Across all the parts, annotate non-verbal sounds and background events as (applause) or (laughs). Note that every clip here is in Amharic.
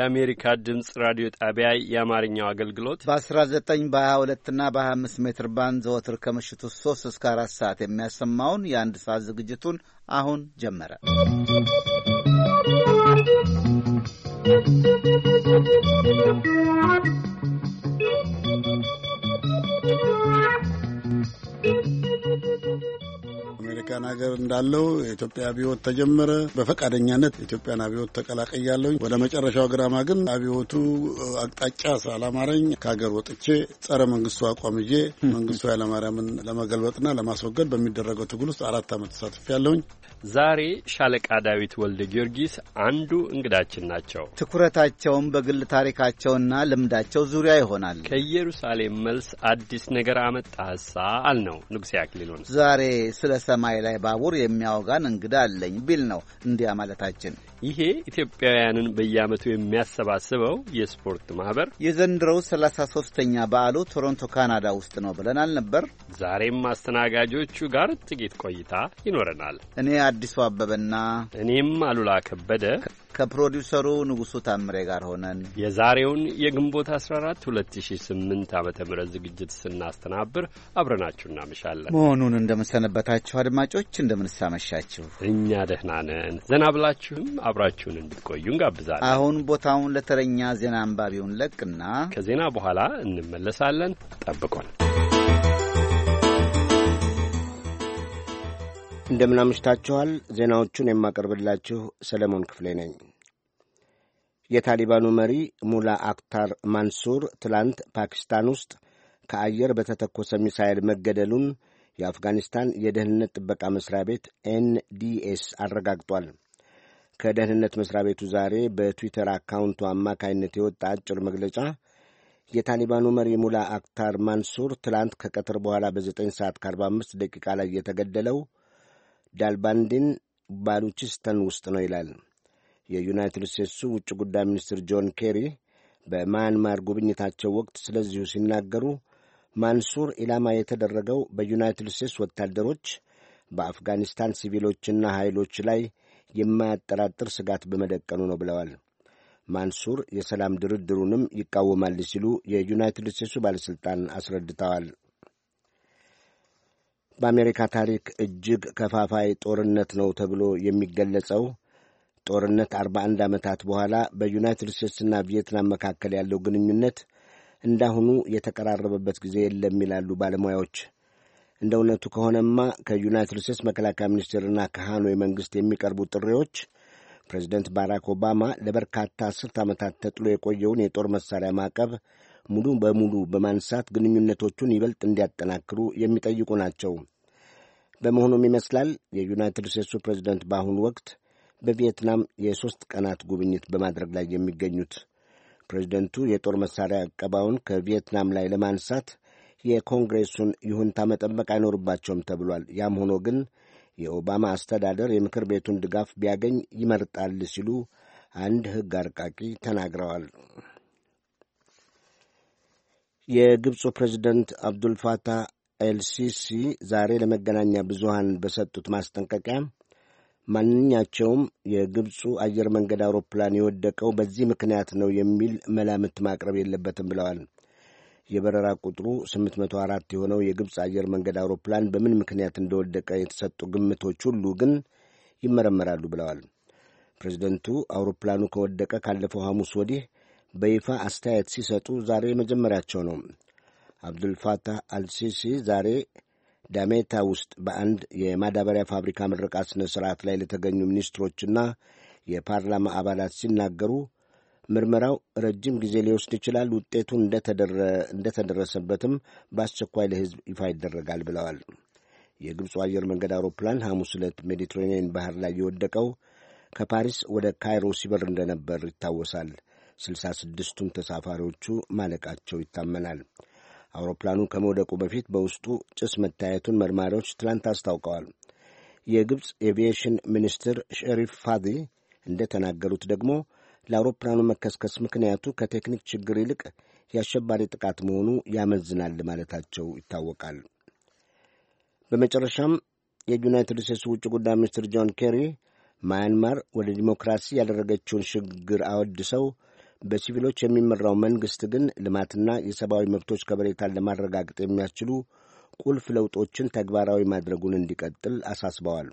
የአሜሪካ ድምፅ ራዲዮ ጣቢያ የአማርኛው አገልግሎት በ19 በ22ና በ25 ሜትር ባንድ ዘወትር ከምሽቱ 3 እስከ 4 ሰዓት የሚያሰማውን የአንድ ሰዓት ዝግጅቱን አሁን ጀመረ። ¶¶ ኢትዮጵያን ሀገር እንዳለው የኢትዮጵያ አብዮት ተጀመረ። በፈቃደኛነት የኢትዮጵያን አብዮት ተቀላቀያለሁኝ። ወደ መጨረሻው ግራማ ግን አብዮቱ አቅጣጫ ሳላማረኝ ከሀገር ወጥቼ ጸረ መንግስቱ አቋም ይዤ መንግስቱ ኃይለማርያምን ለመገልበጥና ለማስወገድ በሚደረገው ትግል ውስጥ አራት ዓመት ያለሁኝ ዛሬ ሻለቃ ዳዊት ወልደ ጊዮርጊስ አንዱ እንግዳችን ናቸው። ትኩረታቸውም በግል ታሪካቸውና ልምዳቸው ዙሪያ ይሆናል። ከኢየሩሳሌም መልስ አዲስ ነገር አመጣ ሳ አል ነው ንጉሴ አክሊሉን ዛሬ ስለ ሰማይ ላይ ባቡር የሚያወጋን እንግዳ አለኝ ቢል ነው እንዲያ ማለታችን። ይሄ ኢትዮጵያውያንን በየአመቱ የሚያሰባስበው የስፖርት ማህበር የዘንድሮው ሰላሳ ሶስተኛ በዓሉ ቶሮንቶ ካናዳ ውስጥ ነው ብለን አልነበር? ዛሬም አስተናጋጆቹ ጋር ጥቂት ቆይታ ይኖረናል። እኔ አዲሱ አበበና እኔም አሉላ ከበደ ከፕሮዲውሰሩ ንጉሱ ታምሬ ጋር ሆነን የዛሬውን የግንቦት 14 2008 ዓ ም ዝግጅት ስናስተናብር አብረናችሁ እናመሻለን። መሆኑን እንደምንሰነበታችሁ አድማጮች፣ እንደምንሳመሻችሁ እኛ ደህና ነን። ዘና ብላችሁም አብራችሁን እንድትቆዩ እንጋብዛለን። አሁን ቦታውን ለተረኛ ዜና አንባቢውን ለቅና ከዜና በኋላ እንመለሳለን። ጠብቆን እንደምናምሽታችኋል። ዜናዎቹን የማቀርብላችሁ ሰለሞን ክፍሌ ነኝ። የታሊባኑ መሪ ሙላ አክታር ማንሱር ትላንት ፓኪስታን ውስጥ ከአየር በተተኮሰ ሚሳይል መገደሉን የአፍጋኒስታን የደህንነት ጥበቃ መስሪያ ቤት ኤንዲኤስ አረጋግጧል። ከደህንነት መስሪያ ቤቱ ዛሬ በትዊተር አካውንቱ አማካይነት የወጣ አጭር መግለጫ የታሊባኑ መሪ ሙላ አክታር ማንሱር ትላንት ከቀትር በኋላ በ9 ሰዓት ከ45 ደቂቃ ላይ የተገደለው ዳልባንዲን ባሉቺስተን ውስጥ ነው ይላል። የዩናይትድ ስቴትሱ ውጭ ጉዳይ ሚኒስትር ጆን ኬሪ በማያንማር ጉብኝታቸው ወቅት ስለዚሁ ሲናገሩ ማንሱር ኢላማ የተደረገው በዩናይትድ ስቴትስ ወታደሮች በአፍጋኒስታን ሲቪሎችና ኃይሎች ላይ የማያጠራጥር ስጋት በመደቀኑ ነው ብለዋል። ማንሱር የሰላም ድርድሩንም ይቃወማል ሲሉ የዩናይትድ ስቴትሱ ባለሥልጣን አስረድተዋል። በአሜሪካ ታሪክ እጅግ ከፋፋይ ጦርነት ነው ተብሎ የሚገለጸው ጦርነት 41 ዓመታት በኋላ በዩናይትድ ስቴትስና ቪየትናም መካከል ያለው ግንኙነት እንዳሁኑ የተቀራረበበት ጊዜ የለም ይላሉ ባለሙያዎች። እንደ እውነቱ ከሆነማ ከዩናይትድ ስቴትስ መከላከያ ሚኒስቴርና ከሃኖይ መንግሥት የሚቀርቡ ጥሪዎች ፕሬዚደንት ባራክ ኦባማ ለበርካታ አስርት ዓመታት ተጥሎ የቆየውን የጦር መሣሪያ ማዕቀብ ሙሉ በሙሉ በማንሳት ግንኙነቶቹን ይበልጥ እንዲያጠናክሩ የሚጠይቁ ናቸው። በመሆኑም ይመስላል የዩናይትድ ስቴትሱ ፕሬዚደንት በአሁኑ ወቅት በቪየትናም የሦስት ቀናት ጉብኝት በማድረግ ላይ የሚገኙት። ፕሬዚደንቱ የጦር መሣሪያ ዕቀባውን ከቪየትናም ላይ ለማንሳት የኮንግሬሱን ይሁንታ መጠበቅ አይኖርባቸውም ተብሏል። ያም ሆኖ ግን የኦባማ አስተዳደር የምክር ቤቱን ድጋፍ ቢያገኝ ይመርጣል ሲሉ አንድ ሕግ አርቃቂ ተናግረዋል። የግብፁ ፕሬዚደንት አብዱልፋታህ ኤልሲሲ ዛሬ ለመገናኛ ብዙሃን በሰጡት ማስጠንቀቂያ ማንኛቸውም የግብፁ አየር መንገድ አውሮፕላን የወደቀው በዚህ ምክንያት ነው የሚል መላምት ማቅረብ የለበትም ብለዋል። የበረራ ቁጥሩ 804 የሆነው የግብፅ አየር መንገድ አውሮፕላን በምን ምክንያት እንደወደቀ የተሰጡ ግምቶች ሁሉ ግን ይመረመራሉ ብለዋል። ፕሬዚደንቱ አውሮፕላኑ ከወደቀ ካለፈው ሐሙስ ወዲህ በይፋ አስተያየት ሲሰጡ ዛሬ መጀመሪያቸው ነው። አብዱልፋታህ አልሲሲ ዛሬ ዳሜታ ውስጥ በአንድ የማዳበሪያ ፋብሪካ ምረቃ ሥነ ሥርዓት ላይ ለተገኙ ሚኒስትሮችና የፓርላማ አባላት ሲናገሩ ምርመራው ረጅም ጊዜ ሊወስድ ይችላል፣ ውጤቱን እንደተደረሰበትም በአስቸኳይ ለሕዝብ ይፋ ይደረጋል ብለዋል። የግብፁ አየር መንገድ አውሮፕላን ሐሙስ ዕለት ሜዲትሬኒየን ባህር ላይ የወደቀው ከፓሪስ ወደ ካይሮ ሲበር እንደነበር ይታወሳል። ስልሳ ስድስቱም ተሳፋሪዎቹ ማለቃቸው ይታመናል። አውሮፕላኑ ከመውደቁ በፊት በውስጡ ጭስ መታየቱን መርማሪዎች ትላንት አስታውቀዋል። የግብፅ ኤቪዬሽን ሚኒስትር ሸሪፍ ፋዚ እንደተናገሩት ደግሞ ለአውሮፕላኑ መከስከስ ምክንያቱ ከቴክኒክ ችግር ይልቅ የአሸባሪ ጥቃት መሆኑ ያመዝናል ማለታቸው ይታወቃል። በመጨረሻም የዩናይትድ ስቴትስ ውጭ ጉዳይ ሚኒስትር ጆን ኬሪ ማያንማር ወደ ዲሞክራሲ ያደረገችውን ሽግግር አወድሰው በሲቪሎች የሚመራው መንግሥት ግን ልማትና የሰብአዊ መብቶች ከበሬታን ለማረጋገጥ የሚያስችሉ ቁልፍ ለውጦችን ተግባራዊ ማድረጉን እንዲቀጥል አሳስበዋል።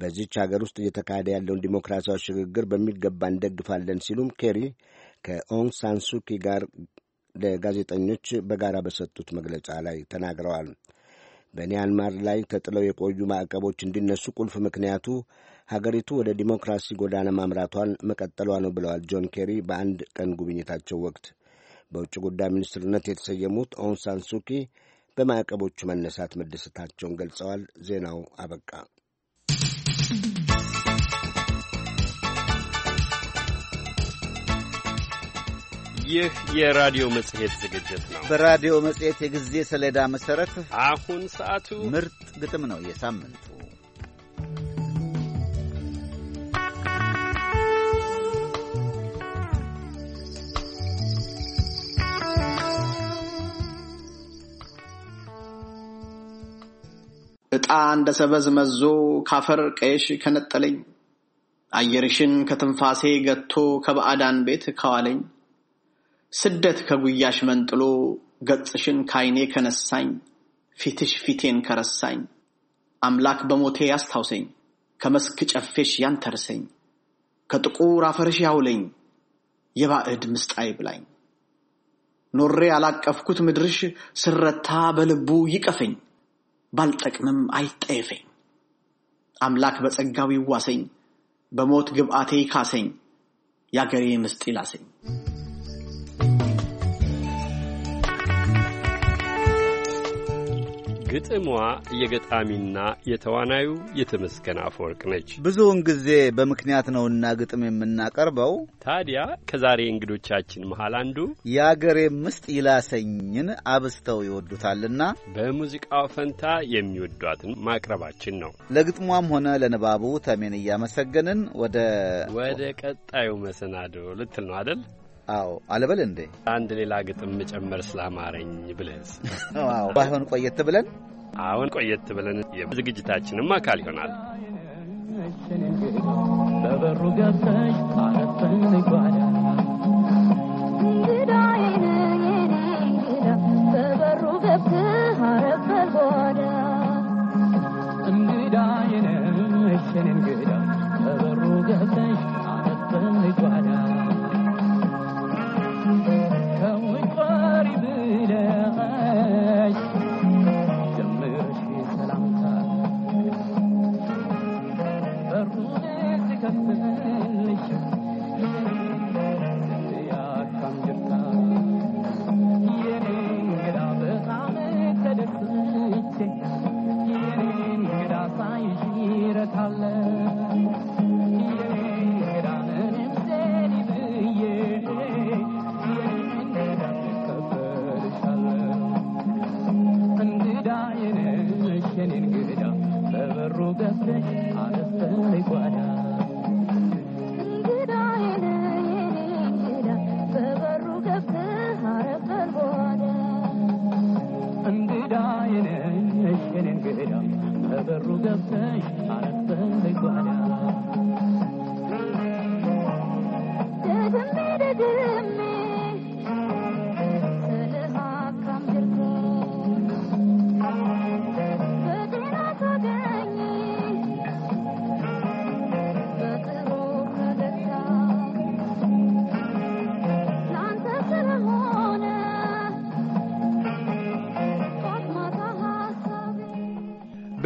በዚች አገር ውስጥ እየተካሄደ ያለውን ዲሞክራሲያዊ ሽግግር በሚገባ እንደግፋለን ሲሉም ኬሪ ከኦንግ ሳንሱኪ ጋር ለጋዜጠኞች በጋራ በሰጡት መግለጫ ላይ ተናግረዋል። በኒያንማር ላይ ተጥለው የቆዩ ማዕቀቦች እንዲነሱ ቁልፍ ምክንያቱ ሀገሪቱ ወደ ዲሞክራሲ ጎዳና ማምራቷን መቀጠሏ ነው ብለዋል ጆን ኬሪ በአንድ ቀን ጉብኝታቸው ወቅት። በውጭ ጉዳይ ሚኒስትርነት የተሰየሙት ኦንሳን ሱኪ በማዕቀቦቹ መነሳት መደሰታቸውን ገልጸዋል። ዜናው አበቃ። ይህ የራዲዮ መጽሔት ዝግጅት ነው። በራዲዮ መጽሔት የጊዜ ሰሌዳ መሠረት አሁን ሰዓቱ ምርጥ ግጥም ነው የሳምንት እንደ ሰበዝ መዞ ካፈር ቀየሽ ከነጠለኝ አየርሽን ከትንፋሴ ገቶ ከባዕዳን ቤት ከዋለኝ ስደት ከጉያሽ መንጥሎ ገጽሽን ከአይኔ ከነሳኝ ፊትሽ ፊቴን ከረሳኝ አምላክ በሞቴ ያስታውሰኝ ከመስክ ጨፌሽ ያንተርሰኝ ከጥቁር አፈርሽ ያውለኝ የባዕድ ምስጣይ ብላኝ ኖሬ ያላቀፍኩት ምድርሽ ስረታ በልቡ ይቀፈኝ ባልጠቅምም አይጠየፈኝ። አምላክ በጸጋው ይዋሰኝ፣ በሞት ግብአቴ ካሰኝ የአገሬ ምስጢ ላሰኝ። ግጥሟ የገጣሚና የተዋናዩ የተመስገን አፈወርቅ ነች። ብዙውን ጊዜ በምክንያት ነውና ግጥም የምናቀርበው። ታዲያ ከዛሬ እንግዶቻችን መሃል አንዱ የአገሬ ምስጥ ይላሰኝን አብስተው ይወዱታልና በሙዚቃው ፈንታ የሚወዷትን ማቅረባችን ነው። ለግጥሟም ሆነ ለንባቡ ተሜን እያመሰገንን ወደ ወደ ቀጣዩ መሰናዶ ልትል ነው አደል? አዎ አለበል እንዴ አንድ ሌላ ግጥም መጨመር ስላማረኝ ብለህስ? አዎ ባይሆን ቆየት ብለን አሁን ቆየት ብለን የዝግጅታችንም አካል ይሆናል። በበሩ ገብተሽ አረፈን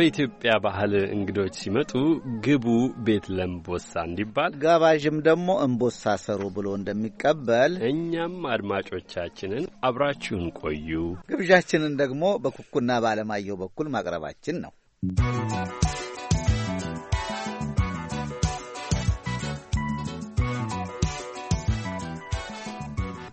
በኢትዮጵያ ባህል እንግዶች ሲመጡ ግቡ ቤት ለእምቦሳ እንዲባል ጋባዥም ደግሞ እምቦሳ ሰሩ ብሎ እንደሚቀበል እኛም አድማጮቻችንን አብራችሁን ቆዩ ግብዣችንን ደግሞ በኩኩና በአለማየሁ በኩል ማቅረባችን ነው።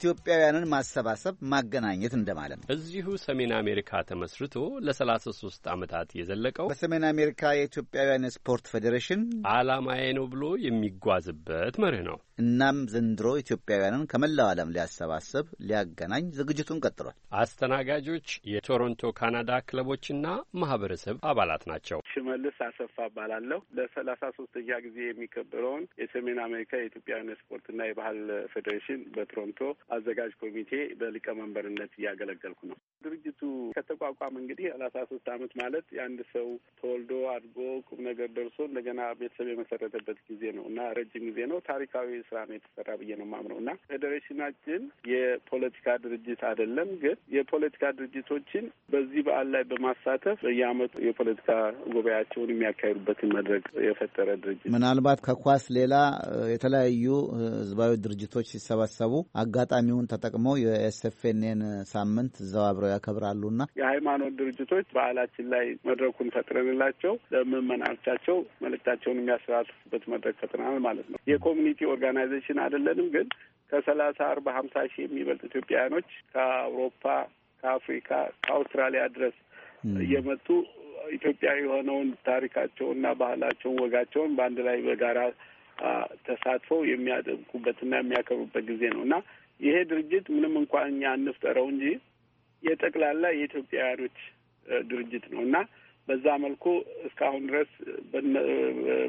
ኢትዮጵያውያንን ማሰባሰብ ማገናኘት እንደማለት ነው። እዚሁ ሰሜን አሜሪካ ተመስርቶ ለ33 ዓመታት የዘለቀው በሰሜን አሜሪካ የኢትዮጵያውያን ስፖርት ፌዴሬሽን አላማዬ ነው ብሎ የሚጓዝበት መርህ ነው። እናም ዘንድሮ ኢትዮጵያውያንን ከመላው ዓለም ሊያሰባስብ ሊያገናኝ ዝግጅቱን ቀጥሏል። አስተናጋጆች የቶሮንቶ ካናዳ ክለቦችና ማህበረሰብ አባላት ናቸው። ሽመልስ አሰፋ እባላለሁ። ለሰላሳ ሶስተኛ ጊዜ የሚከበረውን የሰሜን አሜሪካ የኢትዮጵያውያን ስፖርትና የባህል ፌዴሬሽን በቶሮንቶ አዘጋጅ ኮሚቴ በሊቀመንበርነት እያገለገልኩ ነው። ድርጅቱ ከተቋቋመ እንግዲህ ሰላሳ ሶስት አመት ማለት የአንድ ሰው ተወልዶ አድጎ ቁም ነገር ደርሶ እንደገና ቤተሰብ የመሰረተበት ጊዜ ነው እና ረጅም ጊዜ ነው። ታሪካዊ ስራ ነው የተሰራ ብዬ ነው ማምነው እና ፌዴሬሽናችን የፖለቲካ ድርጅት አይደለም፣ ግን የፖለቲካ ድርጅቶችን በዚህ በዓል ላይ በማሳተፍ በየአመቱ የፖለቲካ ጉባኤያቸውን የሚያካሂዱበትን መድረክ የፈጠረ ድርጅት። ምናልባት ከኳስ ሌላ የተለያዩ ህዝባዊ ድርጅቶች ሲሰበሰቡ አጋጣሚውን ተጠቅመው የኤስኤፍኤንን ሳምንት እዛው አብረው ያከብራሉና የሃይማኖት ድርጅቶች በዓላችን ላይ መድረኩን ፈጥረንላቸው ለምዕመናኖቻቸው መልእክታቸውን የሚያስተላልፉበት መድረክ ፈጥረናል ማለት ነው። የኮሚኒቲ ኦርጋና ኦርጋናይዜሽን አይደለንም፣ ግን ከሰላሳ አርባ ሀምሳ ሺህ የሚበልጥ ኢትዮጵያውያኖች ከአውሮፓ፣ ከአፍሪካ፣ ከአውስትራሊያ ድረስ እየመጡ ኢትዮጵያ የሆነውን ታሪካቸውንና ባህላቸውን ወጋቸውን በአንድ ላይ በጋራ ተሳትፈው የሚያደምቁበትና የሚያከብሩበት ጊዜ ነው እና ይሄ ድርጅት ምንም እንኳን እኛ እንፍጠረው እንጂ የጠቅላላ የኢትዮጵያውያኖች ድርጅት ነው እና በዛ መልኩ እስካሁን ድረስ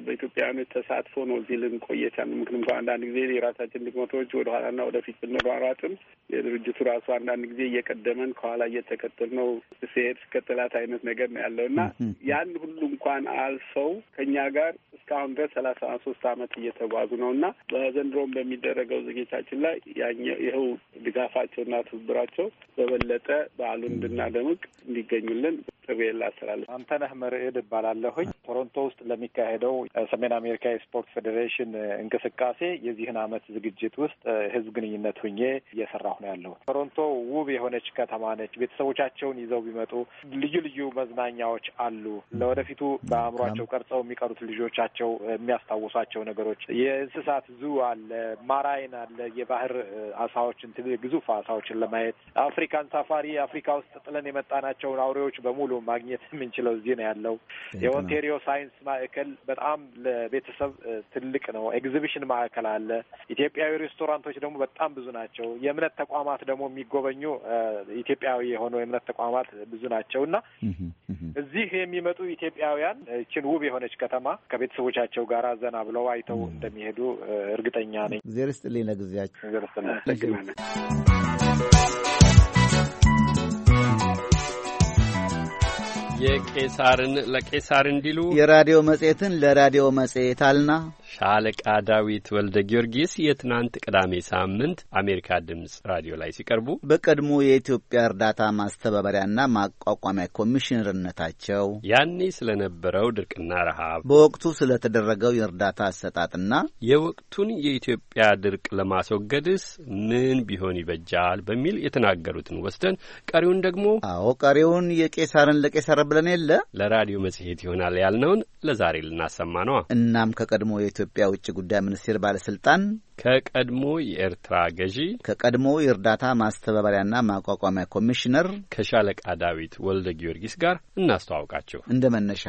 በኢትዮጵያውያኖች ተሳትፎ ነው እዚህ ልንቆየት ልንቆይ ምክንም ምክንያቱም አንዳንድ ጊዜ የራሳችን ድክመቶች ወደ ኋላና ወደፊት ብንሯሯጥም የድርጅቱ ራሱ አንዳንድ ጊዜ እየቀደመን ከኋላ እየተከተል ነው ሲሄድ ከተላት አይነት ነገር ነው ያለው እና ያን ሁሉ እንኳን አልፈው ከእኛ ጋር እስካሁን ድረስ ሰላሳ ሶስት አመት እየተጓዙ ነው እና በዘንድሮም በሚደረገው ዝግጅታችን ላይ ይኸው ድጋፋቸውና ትብብራቸው በበለጠ በዓሉን እንድናደምቅ እንዲገኙልን ጥሪ ላስተላለፍ። አንተነህ መርዕድ እባላለሁኝ። ቶሮንቶ ውስጥ ለሚካሄደው ሰሜን አሜሪካ የስፖርት ፌዴሬሽን እንቅስቃሴ የዚህን ዓመት ዝግጅት ውስጥ ህዝብ ግንኙነት ሁኜ እየሰራሁ ነው ያለው። ቶሮንቶ ውብ የሆነች ከተማ ነች። ቤተሰቦቻቸውን ይዘው ቢመጡ ልዩ ልዩ መዝናኛዎች አሉ። ለወደፊቱ በአእምሯቸው ቀርጸው የሚቀሩት ልጆቻቸው የሚያስታውሷቸው ነገሮች የእንስሳት ዙ አለ፣ ማራይን አለ፣ የባህር አሳዎችን ግዙፍ አሳዎችን ለማየት አፍሪካን ሳፋሪ አፍሪካ ውስጥ ጥለን የመጣናቸውን አውሬዎች በሙሉ ብሎ ማግኘት የምንችለው እዚህ ነው ያለው። የኦንቴሪዮ ሳይንስ ማዕከል በጣም ለቤተሰብ ትልቅ ነው። ኤግዚቢሽን ማዕከል አለ። ኢትዮጵያዊ ሬስቶራንቶች ደግሞ በጣም ብዙ ናቸው። የእምነት ተቋማት ደግሞ የሚጎበኙ ኢትዮጵያዊ የሆኑ የእምነት ተቋማት ብዙ ናቸው እና እዚህ የሚመጡ ኢትዮጵያውያን እችን ውብ የሆነች ከተማ ከቤተሰቦቻቸው ጋር ዘና ብለው አይተው እንደሚሄዱ እርግጠኛ ነኝ። ዜርስጥልኝ ለጊዜያቸው ዜርስጥልኝ የቄሳርን ለቄሳር እንዲሉ የራዲዮ መጽሔትን ለራዲዮ መጽሔት አልና ሻለቃ ዳዊት ወልደ ጊዮርጊስ የትናንት ቅዳሜ ሳምንት አሜሪካ ድምፅ ራዲዮ ላይ ሲቀርቡ በቀድሞ የኢትዮጵያ እርዳታ ማስተባበሪያና ማቋቋሚያ ኮሚሽነርነታቸው ያኔ ስለነበረው ድርቅና ረሃብ፣ በወቅቱ ስለተደረገው የእርዳታ አሰጣጥና የወቅቱን የኢትዮጵያ ድርቅ ለማስወገድስ ምን ቢሆን ይበጃል በሚል የተናገሩትን ወስደን ቀሪውን ደግሞ አዎ ቀሪውን የቄሳርን ለቄሳር ብለን የለ ለራዲዮ መጽሔት ይሆናል ያልነውን ለዛሬ ልናሰማ ነዋ። እናም ከቀድሞ የኢትዮ የኢትዮጵያ ውጭ ጉዳይ ሚኒስቴር ባለስልጣን ከቀድሞ የኤርትራ ገዢ ከቀድሞ የእርዳታ ማስተባበሪያና ማቋቋሚያ ኮሚሽነር ከሻለቃ ዳዊት ወልደ ጊዮርጊስ ጋር እናስተዋውቃችሁ። እንደ መነሻ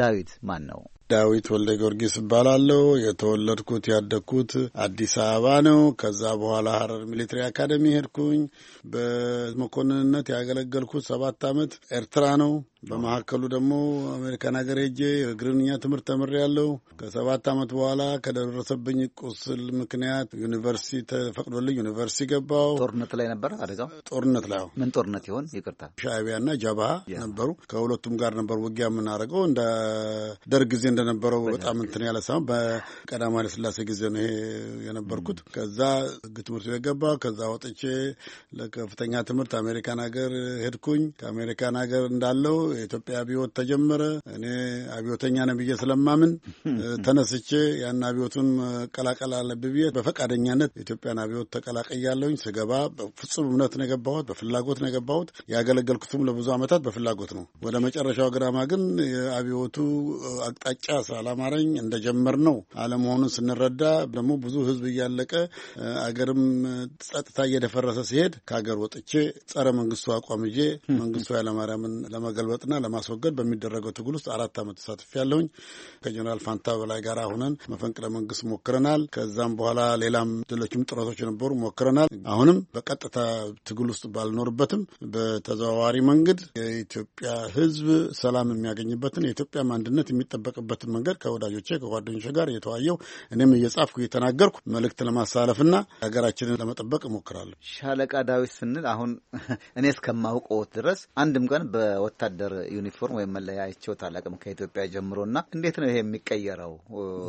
ዳዊት ማን ነው? ዳዊት ወልደ ጊዮርጊስ እባላለሁ። የተወለድኩት ያደግኩት አዲስ አበባ ነው። ከዛ በኋላ ሀረር ሚሊትሪ አካደሚ ሄድኩኝ። በመኮንንነት ያገለገልኩት ሰባት ዓመት ኤርትራ ነው። በመካከሉ ደግሞ አሜሪካን ሀገር ሄጄ የግርኛ ትምህርት ተምሬያለሁ። ከሰባት ዓመት በኋላ ከደረሰብኝ ቁስል ምክንያት ዩኒቨርሲቲ ተፈቅዶልኝ ዩኒቨርሲቲ ገባው። ጦርነት ላይ ነበር አደጋው። ጦርነት ላይ ምን ጦርነት ይሆን? ይቅርታ ሻዕቢያና ጀብሃ ነበሩ። ከሁለቱም ጋር ነበር ውጊያ የምናደርገው እንደ ደርግ ጊዜ እንደነበረው በጣም እንትን ያለ ሳይሆን በቀዳማዊ ኃይለ ሥላሴ ጊዜ ነው ይሄ የነበርኩት። ከዛ ህግ ትምህርት ቤት ከዛ ወጥቼ ለከፍተኛ ትምህርት አሜሪካን ሀገር ሄድኩኝ። ከአሜሪካን ሀገር እንዳለው የኢትዮጵያ አብዮት ተጀመረ። እኔ አብዮተኛ ነው ብዬ ስለማምን ተነስቼ ያን አብዮቱን መቀላቀል አለብ ብዬ በፈቃደኛነት የኢትዮጵያን አብዮት ተቀላቀያለሁኝ። ስገባ በፍጹም እምነት ነው የገባሁት፣ በፍላጎት ነው የገባሁት። ያገለገልኩትም ለብዙ ዓመታት በፍላጎት ነው። ወደ መጨረሻው ግራማ ግን የአብዮቱ አቅጣጫ ምርጫ ስላማረኝ እንደጀመር ነው አለመሆኑን ስንረዳ ደግሞ ብዙ ህዝብ እያለቀ አገርም ጸጥታ እየደፈረሰ ሲሄድ ከሀገር ወጥቼ ጸረ መንግስቱ አቋም ይዤ መንግስቱ ኃይለማርያምን ለመገልበጥና ለማስወገድ በሚደረገው ትግል ውስጥ አራት ዓመት ተሳትፍ ያለሁኝ ከጀኔራል ፋንታ በላይ ጋር ሁነን መፈንቅለ መንግስት ሞክረናል። ከዛም በኋላ ሌላም ሌሎችም ጥረቶች ነበሩ ሞክረናል። አሁንም በቀጥታ ትግል ውስጥ ባልኖርበትም በተዘዋዋሪ መንገድ የኢትዮጵያ ህዝብ ሰላም የሚያገኝበትን የኢትዮጵያም አንድነት የሚጠበቅበት የምችልበትን መንገድ ከወዳጆቼ ከጓደኞች ጋር እየተዋየው እኔም እየጻፍኩ እየተናገርኩ መልእክት ለማስተላለፍና ሀገራችንን ለመጠበቅ እሞክራለሁ። ሻለቃ ዳዊት ስንል አሁን (laughs) እኔ እስከማውቀው ድረስ አንድም ቀን በወታደር ዩኒፎርም ወይም መለያ አይቼው ታላቅም ከኢትዮጵያ ጀምሮና እንዴት ነው ይሄ የሚቀየረው?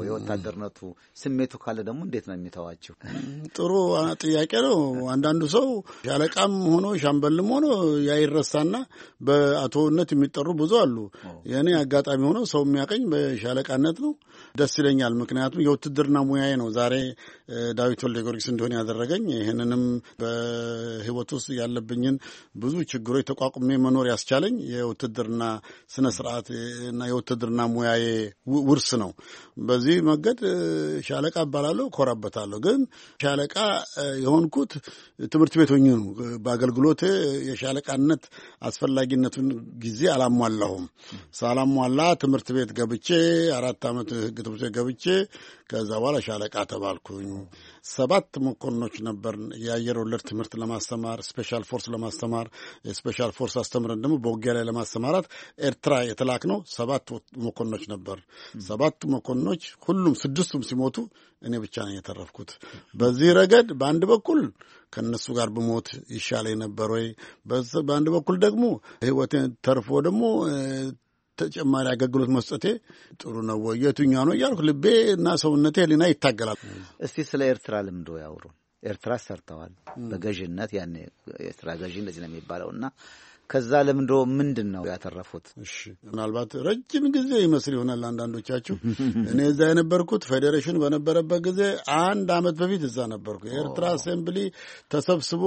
የወታደርነቱ ስሜቱ ካለ ደግሞ እንዴት ነው የሚተዋችው? ጥሩ ጥያቄ ነው። አንዳንዱ ሰው ሻለቃም ሆኖ ሻምበልም ሆኖ ያይረሳና በአቶነት የሚጠሩ ብዙ አሉ። የእኔ አጋጣሚ ሆኖ ሰው የሚያቀኝ ሻለቃነት ነው። ደስ ይለኛል። ምክንያቱም የውትድርና ሙያዬ ነው ዛሬ ዳዊት ወልደ ጊዮርጊስ እንደሆነ ያደረገኝ። ይህንንም በህይወት ውስጥ ያለብኝን ብዙ ችግሮች ተቋቁሜ መኖር ያስቻለኝ የውትድርና ስነ ስርዓት እና የውትድርና ሙያዬ ውርስ ነው። በዚህ መንገድ ሻለቃ እባላለሁ፣ እኮራበታለሁ። ግን ሻለቃ የሆንኩት ትምህርት ቤት ሆኜ ነው። በአገልግሎት የሻለቃነት አስፈላጊነቱን ጊዜ አላሟላሁም። ሳላሟላ ትምህርት ቤት ገብቼ አራት ዓመት ህግ ትምህርት ገብቼ ከዛ በኋላ ሻለቃ ተባልኩኝ። ሰባት መኮንኖች ነበር የአየር ወለድ ትምህርት ለማስተማር ስፔሻል ፎርስ ለማስተማር የስፔሻል ፎርስ አስተምረን ደግሞ በውጊያ ላይ ለማሰማራት ኤርትራ የተላክ ነው። ሰባት መኮንኖች ነበር። ሰባት መኮንኖች ሁሉም ስድስቱም ሲሞቱ እኔ ብቻ ነው የተረፍኩት። በዚህ ረገድ በአንድ በኩል ከእነሱ ጋር ብሞት ይሻለኝ ነበር ወይ፣ በአንድ በኩል ደግሞ ህይወቴን ተርፎ ደግሞ ተጨማሪ አገልግሎት መስጠቴ ጥሩ ነው ወይ ነው እያልኩ ልቤ እና ሰውነቴ ህሊና ይታገላል። እስቲ ስለ ኤርትራ ልምዶ ያውሩ። ኤርትራ ሰርተዋል በገዥነት ያኔ ኤርትራ ገዥ እንደዚህ ነው የሚባለው እና ከዛ ልምዶ ምንድን ነው ያተረፉት? እሺ ምናልባት ረጅም ጊዜ ይመስል ይሆናል አንዳንዶቻችሁ። (laughs) እኔ እዛ የነበርኩት ፌዴሬሽን በነበረበት ጊዜ አንድ አመት በፊት እዛ ነበርኩ። የኤርትራ አሴምብሊ ተሰብስቦ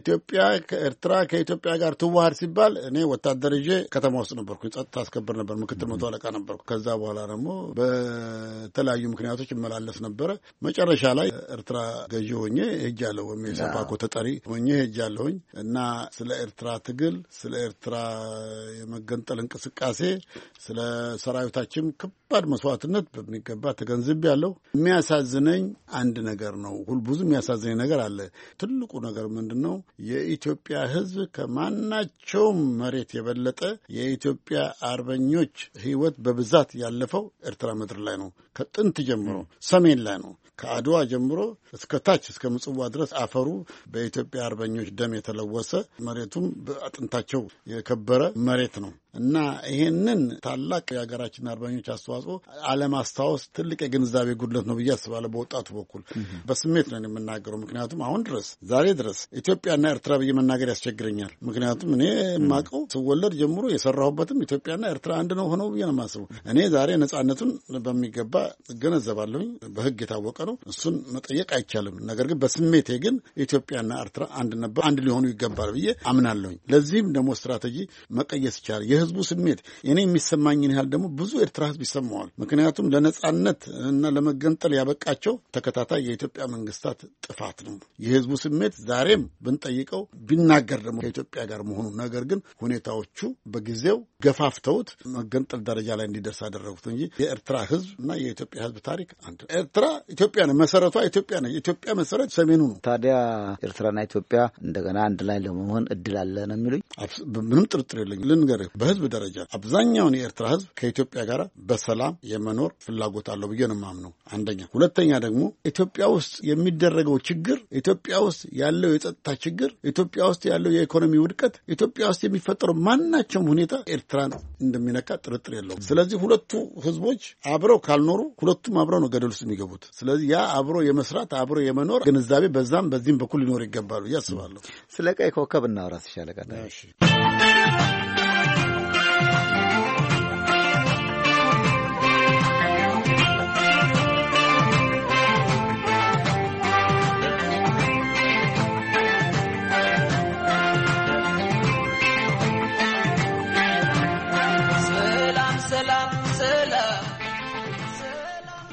ኢትዮጵያ ኤርትራ ከኢትዮጵያ ጋር ትዋሃድ ሲባል እኔ ወታደር ይዤ ከተማ ውስጥ ነበርኩ፣ ጸጥታ አስከብር ነበር፣ ምክትል መቶ አለቃ ነበርኩ። ከዛ በኋላ ደግሞ በተለያዩ ምክንያቶች እመላለስ ነበረ። መጨረሻ ላይ ኤርትራ ገዢ ሆኜ ሄጃለሁ፣ ወይም የሰፓኮ ተጠሪ ሆኜ ሄጃለሁኝ እና ስለ ኤርትራ ትግል ትግል፣ ስለ ኤርትራ የመገንጠል እንቅስቃሴ፣ ስለ ሰራዊታችን ከባድ መስዋዕትነት በሚገባ ተገንዝብ ያለው የሚያሳዝነኝ አንድ ነገር ነው። ሁል ብዙ የሚያሳዝነኝ ነገር አለ። ትልቁ ነገር ምንድን ነው? የኢትዮጵያ ሕዝብ ከማናቸውም መሬት የበለጠ የኢትዮጵያ አርበኞች ሕይወት በብዛት ያለፈው ኤርትራ ምድር ላይ ነው። ከጥንት ጀምሮ ሰሜን ላይ ነው። ከአድዋ ጀምሮ እስከ ታች እስከ ምጽዋ ድረስ አፈሩ በኢትዮጵያ አርበኞች ደም የተለወሰ መሬቱም በአጥንታቸው የከበረ መሬት ነው። እና ይሄንን ታላቅ የሀገራችን አርበኞች አስተዋጽኦ አለማስታወስ ትልቅ የግንዛቤ ጉድለት ነው ብዬ አስባለሁ። በወጣቱ በኩል በስሜት ነው የምናገረው። ምክንያቱም አሁን ድረስ ዛሬ ድረስ ኢትዮጵያና ኤርትራ ብዬ መናገር ያስቸግረኛል። ምክንያቱም እኔ የማውቀው ስወለድ ጀምሮ የሰራሁበትም ኢትዮጵያና ኤርትራ አንድ ነው ሆነው ብዬ ነው የማስበው። እኔ ዛሬ ነጻነቱን በሚገባ እገነዘባለሁኝ። በህግ የታወቀ ነው፣ እሱን መጠየቅ አይቻልም። ነገር ግን በስሜቴ ግን ኢትዮጵያና ኤርትራ አንድ ነበር፣ አንድ ሊሆኑ ይገባል ብዬ አምናለሁኝ። ለዚህም ደግሞ ስትራቴጂ መቀየስ ይቻላል። የህዝቡ ስሜት እኔ የሚሰማኝን ያህል ደግሞ ብዙ ኤርትራ ህዝብ ይሰማዋል። ምክንያቱም ለነጻነት እና ለመገንጠል ያበቃቸው ተከታታይ የኢትዮጵያ መንግስታት ጥፋት ነው። የህዝቡ ስሜት ዛሬም ብንጠይቀው ቢናገር ደግሞ ከኢትዮጵያ ጋር መሆኑ፣ ነገር ግን ሁኔታዎቹ በጊዜው ገፋፍተውት መገንጠል ደረጃ ላይ እንዲደርስ አደረጉት እንጂ የኤርትራ ህዝብ እና የኢትዮጵያ ህዝብ ታሪክ አንድ። ኤርትራ ኢትዮጵያ ነ መሰረቷ ኢትዮጵያ ነ የኢትዮጵያ መሰረት ሰሜኑ ነው። ታዲያ ኤርትራና ኢትዮጵያ እንደገና አንድ ላይ ለመሆን እድል አለ ነው የሚሉኝ? ምንም ጥርጥር የለኝም። ልንገርህ በህዝብ ደረጃ አብዛኛውን የኤርትራ ህዝብ ከኢትዮጵያ ጋር በሰላም የመኖር ፍላጎት አለው ብዬ ነው የማምነው። አንደኛ። ሁለተኛ ደግሞ ኢትዮጵያ ውስጥ የሚደረገው ችግር፣ ኢትዮጵያ ውስጥ ያለው የጸጥታ ችግር፣ ኢትዮጵያ ውስጥ ያለው የኢኮኖሚ ውድቀት፣ ኢትዮጵያ ውስጥ የሚፈጠረው ማናቸውም ሁኔታ ኤርትራን እንደሚነካ ጥርጥር የለውም። ስለዚህ ሁለቱ ህዝቦች አብረው ካልኖሩ ሁለቱም አብረው ነው ገደል ውስጥ የሚገቡት። ስለዚህ ያ አብሮ የመስራት አብሮ የመኖር ግንዛቤ በዛም በዚህም በኩል ሊኖር ይገባሉ እያስባለሁ። ስለ ቀይ ኮከብ እናውራ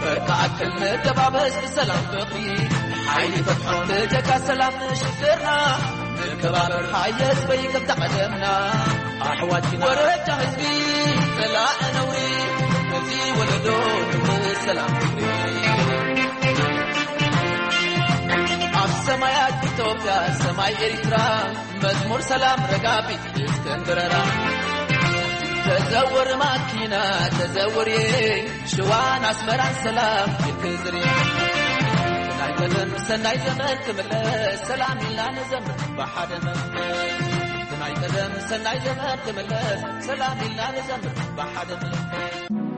فرقعكم تبعبس بسلام بقي حيلي فتحون تجاك سلام نشدرنا من كبار حيز بيكم تعلمنا أحواتنا ورجع حزبي فلا نوري نزي ولدون بسلام ኣብ ሰማያት ኢትዮጵያ ሰማይ ኤርትራ መዝሙር ሰላም ረጋቢት እስክንድረራ تزور ماكينة تزوري شوان عسمران سلام الكزري سناي زمن سناي زمن تملس سلام إلا نزمن بحد مملس سناي زمن سناي زمن تملس سلام إلا نزمن بحد مملس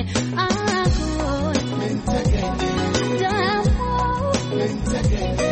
aku Menjaga Menjaga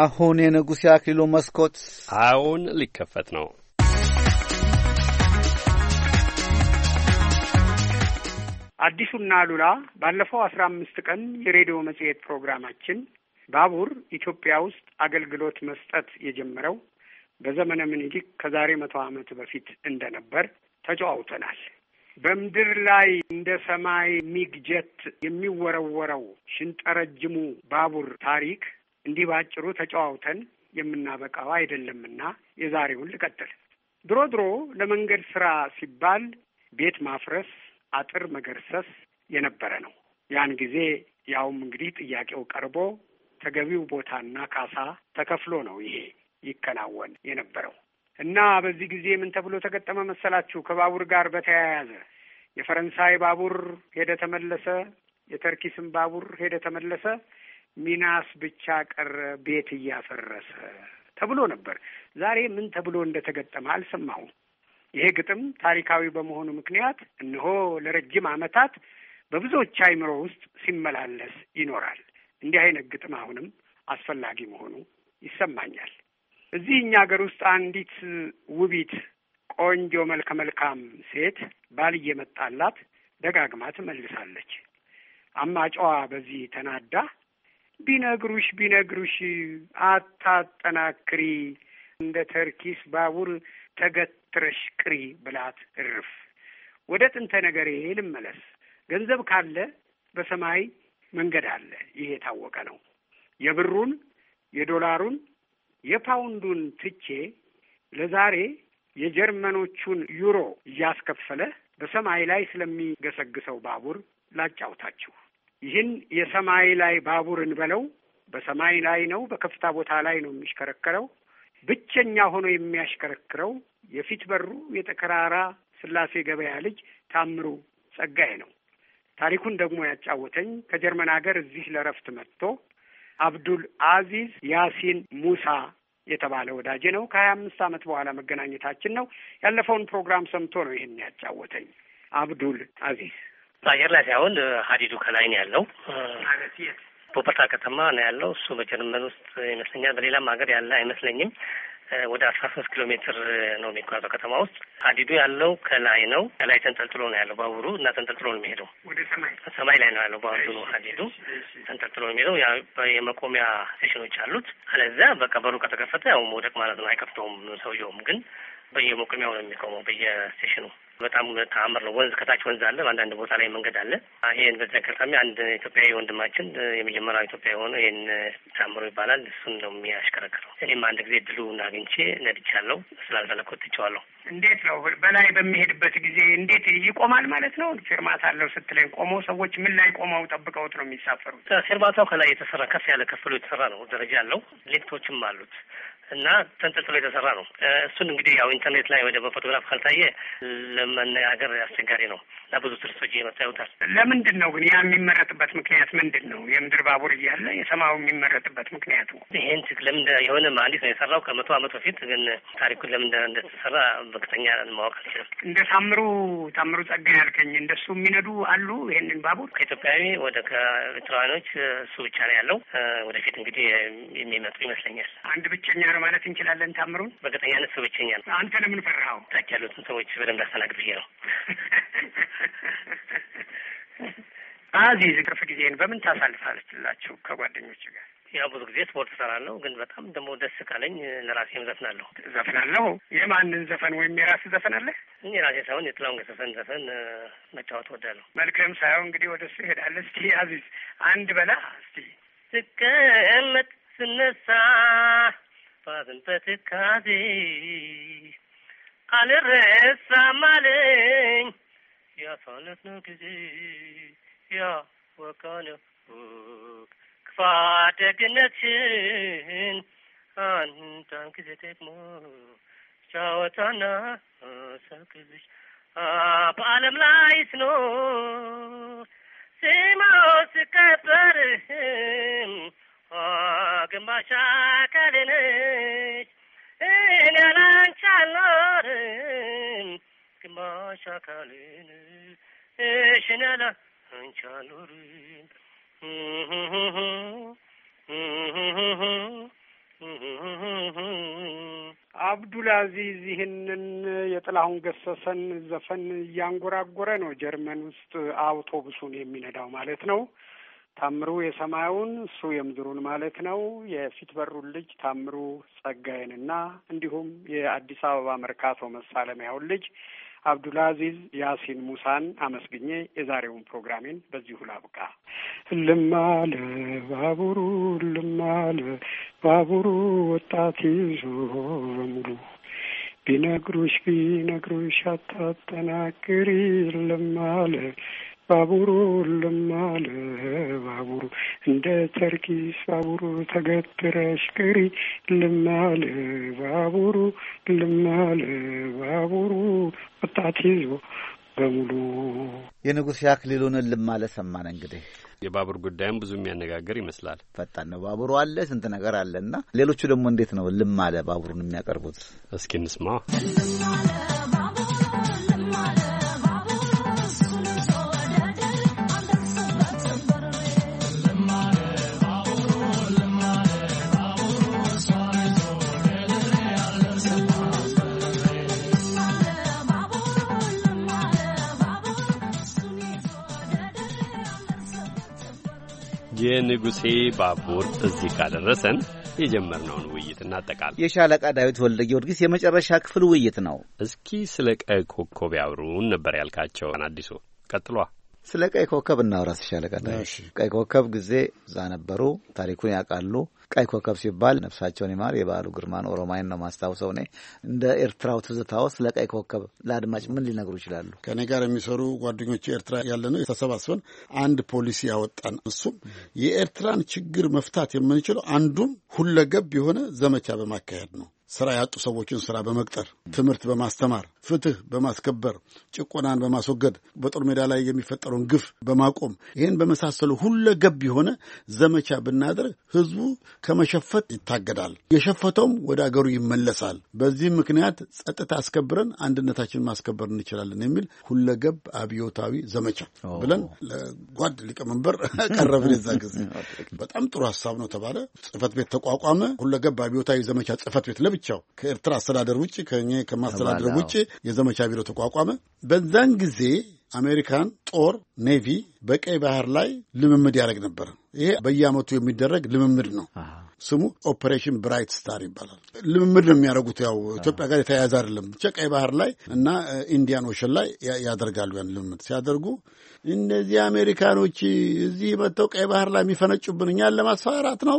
አሁን የንጉሴ አክሊሉ መስኮት አሁን ሊከፈት ነው። አዲሱና አሉላ ባለፈው አስራ አምስት ቀን የሬዲዮ መጽሔት ፕሮግራማችን ባቡር ኢትዮጵያ ውስጥ አገልግሎት መስጠት የጀመረው በዘመነ ምኒልክ ከዛሬ መቶ ዓመት በፊት እንደነበር ተጨዋውተናል። በምድር ላይ እንደ ሰማይ ሚግጀት የሚወረወረው ሽንጠረጅሙ ባቡር ታሪክ እንዲህ በአጭሩ ተጨዋውተን የምናበቃው አይደለምና የዛሬውን ልቀጥል። ድሮ ድሮ ለመንገድ ስራ ሲባል ቤት ማፍረስ፣ አጥር መገርሰስ የነበረ ነው። ያን ጊዜ ያውም እንግዲህ ጥያቄው ቀርቦ ተገቢው ቦታና ካሳ ተከፍሎ ነው ይሄ ይከናወን የነበረው እና በዚህ ጊዜ ምን ተብሎ ተገጠመ መሰላችሁ? ከባቡር ጋር በተያያዘ የፈረንሳይ ባቡር ሄደ ተመለሰ፣ የተርኪስም ባቡር ሄደ ተመለሰ ሚናስ ብቻ ቀረ ቤት እያፈረሰ ተብሎ ነበር። ዛሬ ምን ተብሎ እንደተገጠመ አልሰማሁም። ይሄ ግጥም ታሪካዊ በመሆኑ ምክንያት እነሆ ለረጅም ዓመታት በብዙዎች አይምሮ ውስጥ ሲመላለስ ይኖራል። እንዲህ አይነት ግጥም አሁንም አስፈላጊ መሆኑ ይሰማኛል። እዚህ እኛ አገር ውስጥ አንዲት ውቢት ቆንጆ መልከ መልካም ሴት ባል እየመጣላት ደጋግማ ትመልሳለች። አማጫዋ በዚህ ተናዳ ቢነግሩሽ ቢነግሩሽ አታጠናክሪ፣ እንደ ተርኪስ ባቡር ተገትረሽ ቅሪ ብላት እርፍ። ወደ ጥንተ ነገሬ ልመለስ። ገንዘብ ካለ በሰማይ መንገድ አለ። ይህ የታወቀ ነው። የብሩን፣ የዶላሩን፣ የፓውንዱን ትቼ ለዛሬ የጀርመኖቹን ዩሮ እያስከፈለ በሰማይ ላይ ስለሚገሰግሰው ባቡር ላጫውታችሁ። ይህን የሰማይ ላይ ባቡር እንበለው በሰማይ ላይ ነው፣ በከፍታ ቦታ ላይ ነው የሚሽከረከረው። ብቸኛ ሆኖ የሚያሽከረክረው የፊት በሩ የተከራራ ስላሴ ገበያ ልጅ ታምሩ ጸጋዬ ነው። ታሪኩን ደግሞ ያጫወተኝ ከጀርመን ሀገር እዚህ ለረፍት መጥቶ አብዱል አዚዝ ያሲን ሙሳ የተባለ ወዳጄ ነው። ከሀያ አምስት ዓመት በኋላ መገናኘታችን ነው። ያለፈውን ፕሮግራም ሰምቶ ነው ይህን ያጫወተኝ አብዱል አዚዝ በአየር ላይ ሳይሆን ሀዲዱ ከላይ ነው ያለው። ቦፐርታ ከተማ ነው ያለው። እሱ በጀርመን ውስጥ ይመስለኛል። በሌላም ሀገር ያለ አይመስለኝም። ወደ አስራ ሶስት ኪሎ ሜትር ነው የሚጓዘው ከተማ ውስጥ። ሀዲዱ ያለው ከላይ ነው። ከላይ ተንጠልጥሎ ነው ያለው ባቡሩ እና ተንጠልጥሎ ነው የሚሄደው። ሰማይ ላይ ነው ያለው ባቡሩ ነው ሀዲዱ ተንጠልጥሎ ነው የሚሄደው። የመቆሚያ ስቴሽኖች አሉት። አለዚያ በቃ በሩ ከተከፈተ ያው መውደቅ ማለት ነው። አይከፍተውም ሰውየውም ግን በየመቆሚያው ነው የሚቆመው በየስቴሽኑ በጣም ተአምር ነው። ወንዝ ከታች ወንዝ አለ፣ በአንዳንድ ቦታ ላይ መንገድ አለ። ይህን በዚህ አጋጣሚ አንድ ኢትዮጵያዊ ወንድማችን የመጀመሪያው ኢትዮጵያ የሆነ ይህን ታምሮ ይባላል። እሱን ነው የሚያሽከረክረው። እኔም አንድ ጊዜ ድሉን አግኝቼ ነድቻለሁ። ስላልፈለኩ ትቼዋለሁ። እንዴት ነው በላይ በሚሄድበት ጊዜ እንዴት ይቆማል ማለት ነው? ፌርማታ አለው ስትለኝ፣ ቆመው ሰዎች ምን ላይ ቆመው ጠብቀውት ነው የሚሳፈሩት? ፌርማታው ከላይ የተሰራ ከፍ ያለ ከፍሎ የተሰራ ነው። ደረጃ አለው። ሌክቶችም አሉት። እና ተንጠልጥሎ የተሰራ ነው። እሱን እንግዲህ ያው ኢንተርኔት ላይ ወይ ደግሞ ፎቶግራፍ ካልታየ ለመነጋገር አስቸጋሪ ነው። ለብዙ ትርፍ እጅ ይመታዩታል። ለምንድን ነው ግን ያ የሚመረጥበት ምክንያት ምንድን ነው? የምድር ባቡር እያለ የሰማዩ የሚመረጥበት ምክንያቱ ይህን ትክ ለምን የሆነ መሀንዲስ ነው የሰራው ከመቶ ዓመት በፊት ግን ታሪኩን ለምን እንደተሰራ በቅተኛ ማወቅ አልችልም። እንደ ታምሩ ታምሩ ጸጋ ያልከኝ እንደሱ የሚነዱ አሉ ይህንን ባቡር ከኢትዮጵያዊ ወደ ከኤርትራውያኖች እሱ ብቻ ነው ያለው። ወደፊት እንግዲህ የሚመጡ ይመስለኛል። አንድ ብቸኛ ነው ማለት እንችላለን። ታምሩን በቅተኛነት ሰው ብቸኛ ነው። አንተ ለምን ፈራኸው? ታች ያሉትን ሰዎች በደንብ አስተናግድ ብዬ ነው (laughs) (laughs) አዚዝ ትርፍ ጊዜን በምን ታሳልፋለች ላችሁ ከጓደኞች ጋር? ያው ብዙ ጊዜ ስፖርት እሰራለሁ፣ ግን በጣም ደግሞ ደስ ካለኝ ለራሴም ዘፍናለሁ። ዘፍናለሁ? የማንን ዘፈን ወይም የራስ ዘፈን አለ? የራሴ ሳይሆን የጥላሁን ገሰሰን ዘፈን መጫወት ወዳለሁ። መልክም ሳይሆን እንግዲህ ወደ እሱ ይሄዳል። እስቲ አዚዝ አንድ በላ እስቲ። ስቀመጥ ስነሳ ባዝን በትካዜ አልረሳም አለኝ ያሳለፍነው ጊዜ ያወቃነው ክፋት ደግነትን አንዳንድ ጊዜ ደግሞ ጫወታና ሳቅልሽ በዓለም ላይ ስኖር ስማው ስከበር ግማሽ አካሌ ነች እኔ ያላንቺ አልኖርም አብዱልአዚዝ ይህንን የጥላሁን ገሰሰን ዘፈን እያንጎራጎረ ነው ጀርመን ውስጥ አውቶቡሱን የሚነዳው ማለት ነው። ታምሩ የሰማዩን እሱ የምድሩን ማለት ነው። የፊት በሩን ልጅ ታምሩ ጸጋዬንና እንዲሁም የአዲስ አበባ መርካቶ መሳለሚያውን ልጅ አብዱልአዚዝ ያሲን ሙሳን አመስግኜ የዛሬውን ፕሮግራሜን በዚሁ ላብቃ። ልማለ ባቡሩ ልማል ባቡሩ ወጣት ይዞ በሙሉ ቢነግሩሽ ቢነግሩሽ አታጠናቅሪ ልማል ባቡሩ ልማለ አለ ባቡሩ እንደ ቸርኪስ ባቡሩ ተገትረሽ ቅሪ ልማለ ባቡሩ ልማለ ባቡሩ ወጣት ይዞ በሙሉ የንጉሥ አክሊሉን ልማለ አለ ሰማን። እንግዲህ የባቡር ጉዳይም ብዙ የሚያነጋግር ይመስላል። ፈጣን ነው ባቡሩ አለ ስንት ነገር አለና ሌሎቹ ደግሞ እንዴት ነው ልማለ አለ ባቡሩን የሚያቀርቡት? እስኪ እንስማ። ንጉሴ ባቡር እዚህ ካደረሰን የጀመርነውን ውይይት እናጠቃል። የሻለቃ ዳዊት ወልደ ጊዮርጊስ የመጨረሻ ክፍል ውይይት ነው። እስኪ ስለ ቀይ ኮከብ ያውሩን ነበር ያልካቸው አዲሱ ቀጥሏ ስለ ቀይ ኮከብ እናውራ ሲሻለቀ ቀይ ኮከብ ጊዜ እዛ ነበሩ፣ ታሪኩን ያውቃሉ። ቀይ ኮከብ ሲባል ነፍሳቸውን ይማር የበዓሉ ግርማን ኦሮማይን ነው ማስታውሰው። እኔ እንደ ኤርትራው ትዝታዎ ስለ ቀይ ኮከብ ለአድማጭ ምን ሊነግሩ ይችላሉ? ከኔ ጋር የሚሰሩ ጓደኞች ኤርትራ ያለ ነው የተሰባስበን አንድ ፖሊሲ ያወጣን። እሱም የኤርትራን ችግር መፍታት የምንችለው አንዱም ሁለገብ የሆነ ዘመቻ በማካሄድ ነው። ስራ ያጡ ሰዎችን ስራ በመቅጠር ትምህርት በማስተማር ፍትህ በማስከበር ጭቆናን በማስወገድ በጦር ሜዳ ላይ የሚፈጠረውን ግፍ በማቆም ይህን በመሳሰሉ ሁለገብ የሆነ ዘመቻ ብናደርግ ህዝቡ ከመሸፈት ይታገዳል፣ የሸፈተውም ወደ አገሩ ይመለሳል። በዚህ ምክንያት ጸጥታ አስከብረን አንድነታችን ማስከበር እንችላለን የሚል ሁለገብ አብዮታዊ ዘመቻ ብለን ለጓድ ሊቀመንበር (laughs) ቀረብን። የዛ ጊዜ በጣም ጥሩ ሀሳብ ነው ተባለ። ጽህፈት ቤት ተቋቋመ። ሁለገብ አብዮታዊ ዘመቻ ጽህፈት ቤት ለብቻው ከኤርትራ አስተዳደር ውጭ ከ ከማስተዳደር ውጭ የዘመቻ ቢሮ ተቋቋመ። በዛን ጊዜ አሜሪካን ጦር ኔቪ በቀይ ባህር ላይ ልምምድ ያደረግ ነበር። ይሄ በየአመቱ የሚደረግ ልምምድ ነው። ስሙ ኦፕሬሽን ብራይት ስታር ይባላል። ልምምድ ነው የሚያደርጉት። ያው ኢትዮጵያ ጋር የተያያዘ አይደለም። ብቻ ቀይ ባህር ላይ እና ኢንዲያን ኦሽን ላይ ያደርጋሉ። ያን ልምምድ ሲያደርጉ እነዚህ አሜሪካኖች እዚህ መጥተው ቀይ ባህር ላይ የሚፈነጩብን እኛን ለማስፈራራት ነው።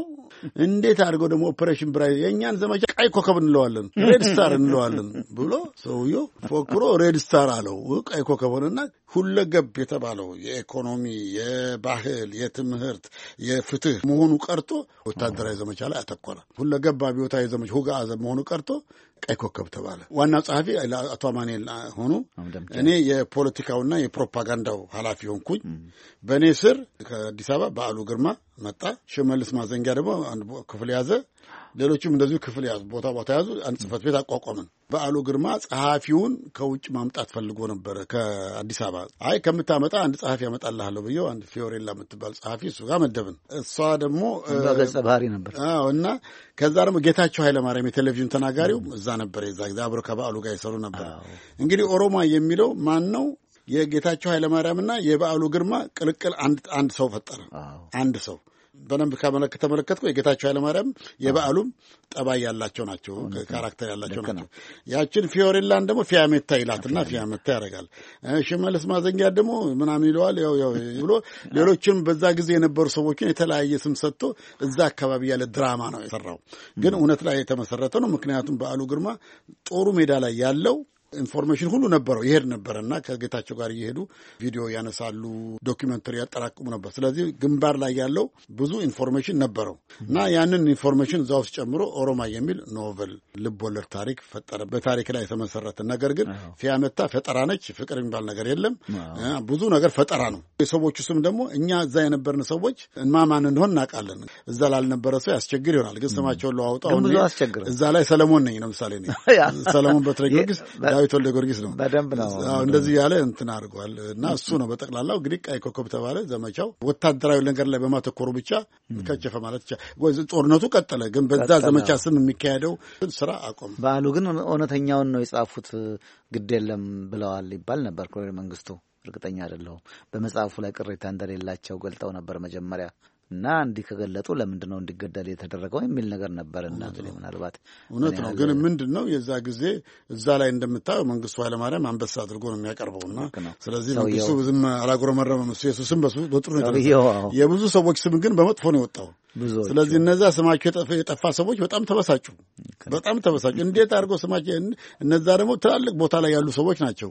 እንዴት አድርገው ደግሞ ኦፕሬሽን ብራይ የእኛን ዘመቻ ቀይ ኮከብ እንለዋለን፣ ሬድ ስታር እንለዋለን ብሎ ሰውየው ፎክሮ ሬድ ስታር አለው። ቀይ ኮከቡንና ሁለገብ የተባለው የኢኮኖሚ፣ የባህል፣ የትምህርት፣ የፍትህ መሆኑ ቀርቶ ወታደራዊ ዘመቻ ላይ አተኮረ። ሁለገብ አብዮታዊ ዘመቻ ሁጋ መሆኑ ቀርቶ ቀይ ኮከብ ተባለ። ዋናው ጸሐፊ አቶ አማኑኤል ሆኑ። እኔ የፖለቲካውና የፕሮፓጋንዳው ኃላፊ ሆንኩኝ። በእኔ ስር ከአዲስ አበባ በዓሉ ግርማ መጣ። ሽመልስ ማዘንጊያ ደግሞ አንድ ክፍል ያዘ። ሌሎችም እንደዚሁ ክፍል ያዙ፣ ቦታ ቦታ ያዙ። አንድ ጽህፈት ቤት አቋቋምን። በዓሉ ግርማ ጸሐፊውን ከውጭ ማምጣት ፈልጎ ነበረ ከአዲስ አበባ። አይ ከምታመጣ አንድ ጸሐፊ ያመጣልሃለሁ ብዬው አንድ ፊዮሬላ የምትባል ጸሐፊ እሱ ጋር መደብን። እሷ ደግሞ ገጸ ባህሪ ነበር እና ከዛ ደግሞ ጌታቸው ኃይለማርያም የቴሌቪዥን ተናጋሪው እዛ ነበር። የዛ ጊዜ አብረው ከበዓሉ ጋር የሰሩ ነበር። እንግዲህ ኦሮማ የሚለው ማን ነው? የጌታቸው ኃይለማርያምና የበዓሉ ግርማ ቅልቅል አንድ ሰው ፈጠረ። አንድ ሰው በደንብ ከተመለከትኩ የጌታቸው ኃይለማርያም የበዓሉም ጠባይ ያላቸው ናቸው፣ ካራክተር ያላቸው ናቸው። ያችን ፊዮሬላን ደግሞ ፊያሜታ ይላትና ፊያሜታ ያደርጋል። ሽመልስ ማዘንጊያ ደግሞ ምናምን ይለዋል ብሎ ሌሎችም በዛ ጊዜ የነበሩ ሰዎችን የተለያየ ስም ሰጥቶ እዛ አካባቢ ያለ ድራማ ነው የሰራው፣ ግን እውነት ላይ የተመሰረተ ነው። ምክንያቱም በዓሉ ግርማ ጦሩ ሜዳ ላይ ያለው ኢንፎርሜሽን ሁሉ ነበረው ይሄድ ነበረ እና ከጌታቸው ጋር እየሄዱ ቪዲዮ ያነሳሉ፣ ዶኪመንተሪ ያጠራቅሙ ነበር። ስለዚህ ግንባር ላይ ያለው ብዙ ኢንፎርሜሽን ነበረው እና ያንን ኢንፎርሜሽን እዛ ውስጥ ጨምሮ ኦሮማ የሚል ኖቨል ልቦለድ ታሪክ ፈጠረ። በታሪክ ላይ የተመሰረተ ነገር ግን ፊያመታ ፈጠራ ነች። ፍቅር የሚባል ነገር የለም። ብዙ ነገር ፈጠራ ነው። የሰዎቹ ስም ደግሞ እኛ እዛ የነበርን ሰዎች እማማን እንደሆን እናውቃለን። እዛ ላልነበረ ሰው ያስቸግር ይሆናል። ግን ስማቸውን ለዋውጣ እዛ ላይ ሰለሞን ነኝ ለምሳሌ (laughs) ሰለሞን በትረ ጊዮርጊስ ዳዊት ወልደ ጊዮርጊስ ነው። በደንብ ነው እንደዚህ ያለ እንትን አድርጓል። እና እሱ ነው በጠቅላላው እንግዲህ ቀይ ኮከብ ተባለ። ዘመቻው ወታደራዊ ነገር ላይ በማተኮሩ ብቻ ከቸፈ ማለት ይቻላል። ጦርነቱ ቀጠለ፣ ግን በዛ ዘመቻ ስም የሚካሄደው ስራ አቆም። በዓሉ ግን እውነተኛውን ነው የጻፉት ግድ የለም ብለዋል ይባል ነበር ኮሎኔል መንግስቱ። እርግጠኛ አይደለሁም። በመጽሐፉ ላይ ቅሬታ እንደሌላቸው ገልጠው ነበር መጀመሪያ እና እንዲህ ከገለጡ ለምንድን ነው እንዲገደል የተደረገው የሚል ነገር ነበር። እና ምናልባት እውነት ነው፣ ግን ምንድን ነው የዛ ጊዜ እዛ ላይ እንደምታየው መንግስቱ ኃይለማርያም አንበሳ አድርጎ ነው የሚያቀርበው እና ስለዚህ መንግስቱ ዝም ብዙም አላጉረመረመም። የሱ የሱስም በጥሩ ነው የብዙ ሰዎች ስም ግን በመጥፎ ነው የወጣው። ስለዚህ እነዛ ስማቸው የጠፋ ሰዎች በጣም ተበሳጩ፣ በጣም ተበሳጩ። እንዴት አድርገው ስማቸው እነዛ ደግሞ ትላልቅ ቦታ ላይ ያሉ ሰዎች ናቸው።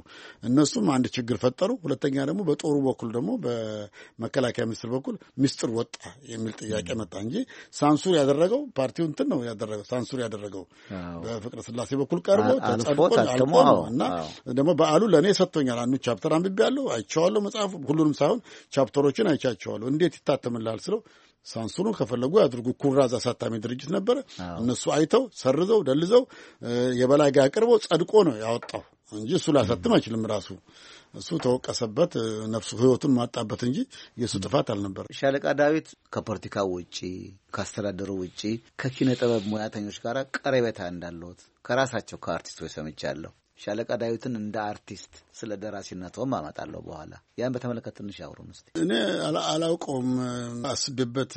እነሱም አንድ ችግር ፈጠሩ። ሁለተኛ ደግሞ በጦሩ በኩል ደግሞ በመከላከያ ሚኒስትር በኩል ሚስጥር ወጣ የሚል ጥያቄ መጣ እንጂ ሳንሱር ያደረገው ፓርቲው እንትን ነው ያደረገው ሳንሱር ያደረገው በፍቅረ ስላሴ በኩል ቀርቦ ተጸድቆ እና ደግሞ በዓሉ ለእኔ ሰጥቶኛል። አንዱ ቻፕተር አንብቤ ያለው አይቼዋለሁ። መጽሐፍ ሁሉንም ሳይሆን ቻፕተሮችን አይቻቸዋለሁ። እንዴት ይታተምላል ስለው ሳንሱኑ ከፈለጉ ያድርጉ። ኩራዝ አሳታሚ ድርጅት ነበረ። እነሱ አይተው ሰርዘው ደልዘው የበላይ ጋር አቅርበው ጸድቆ ነው ያወጣው እንጂ እሱ ላሳትም አይችልም። ራሱ እሱ ተወቀሰበት፣ ነፍሱ ህይወቱን ማጣበት እንጂ የእሱ ጥፋት አልነበረ። ሻለቃ ዳዊት ከፖለቲካው ውጪ ከአስተዳደሩ ውጪ ከኪነ ጥበብ ሙያተኞች ጋር ቀረቤታ እንዳለሁት ከራሳቸው ከአርቲስቶች ሰምቻለሁ። ሻለቃ ዳዊትን እንደ አርቲስት ስለ ደራሲነቶም አመጣለሁ በኋላ። ያን በተመለከተ ትንሽ አውሩን እስኪ። እኔ አላውቀውም፣ አስቤበት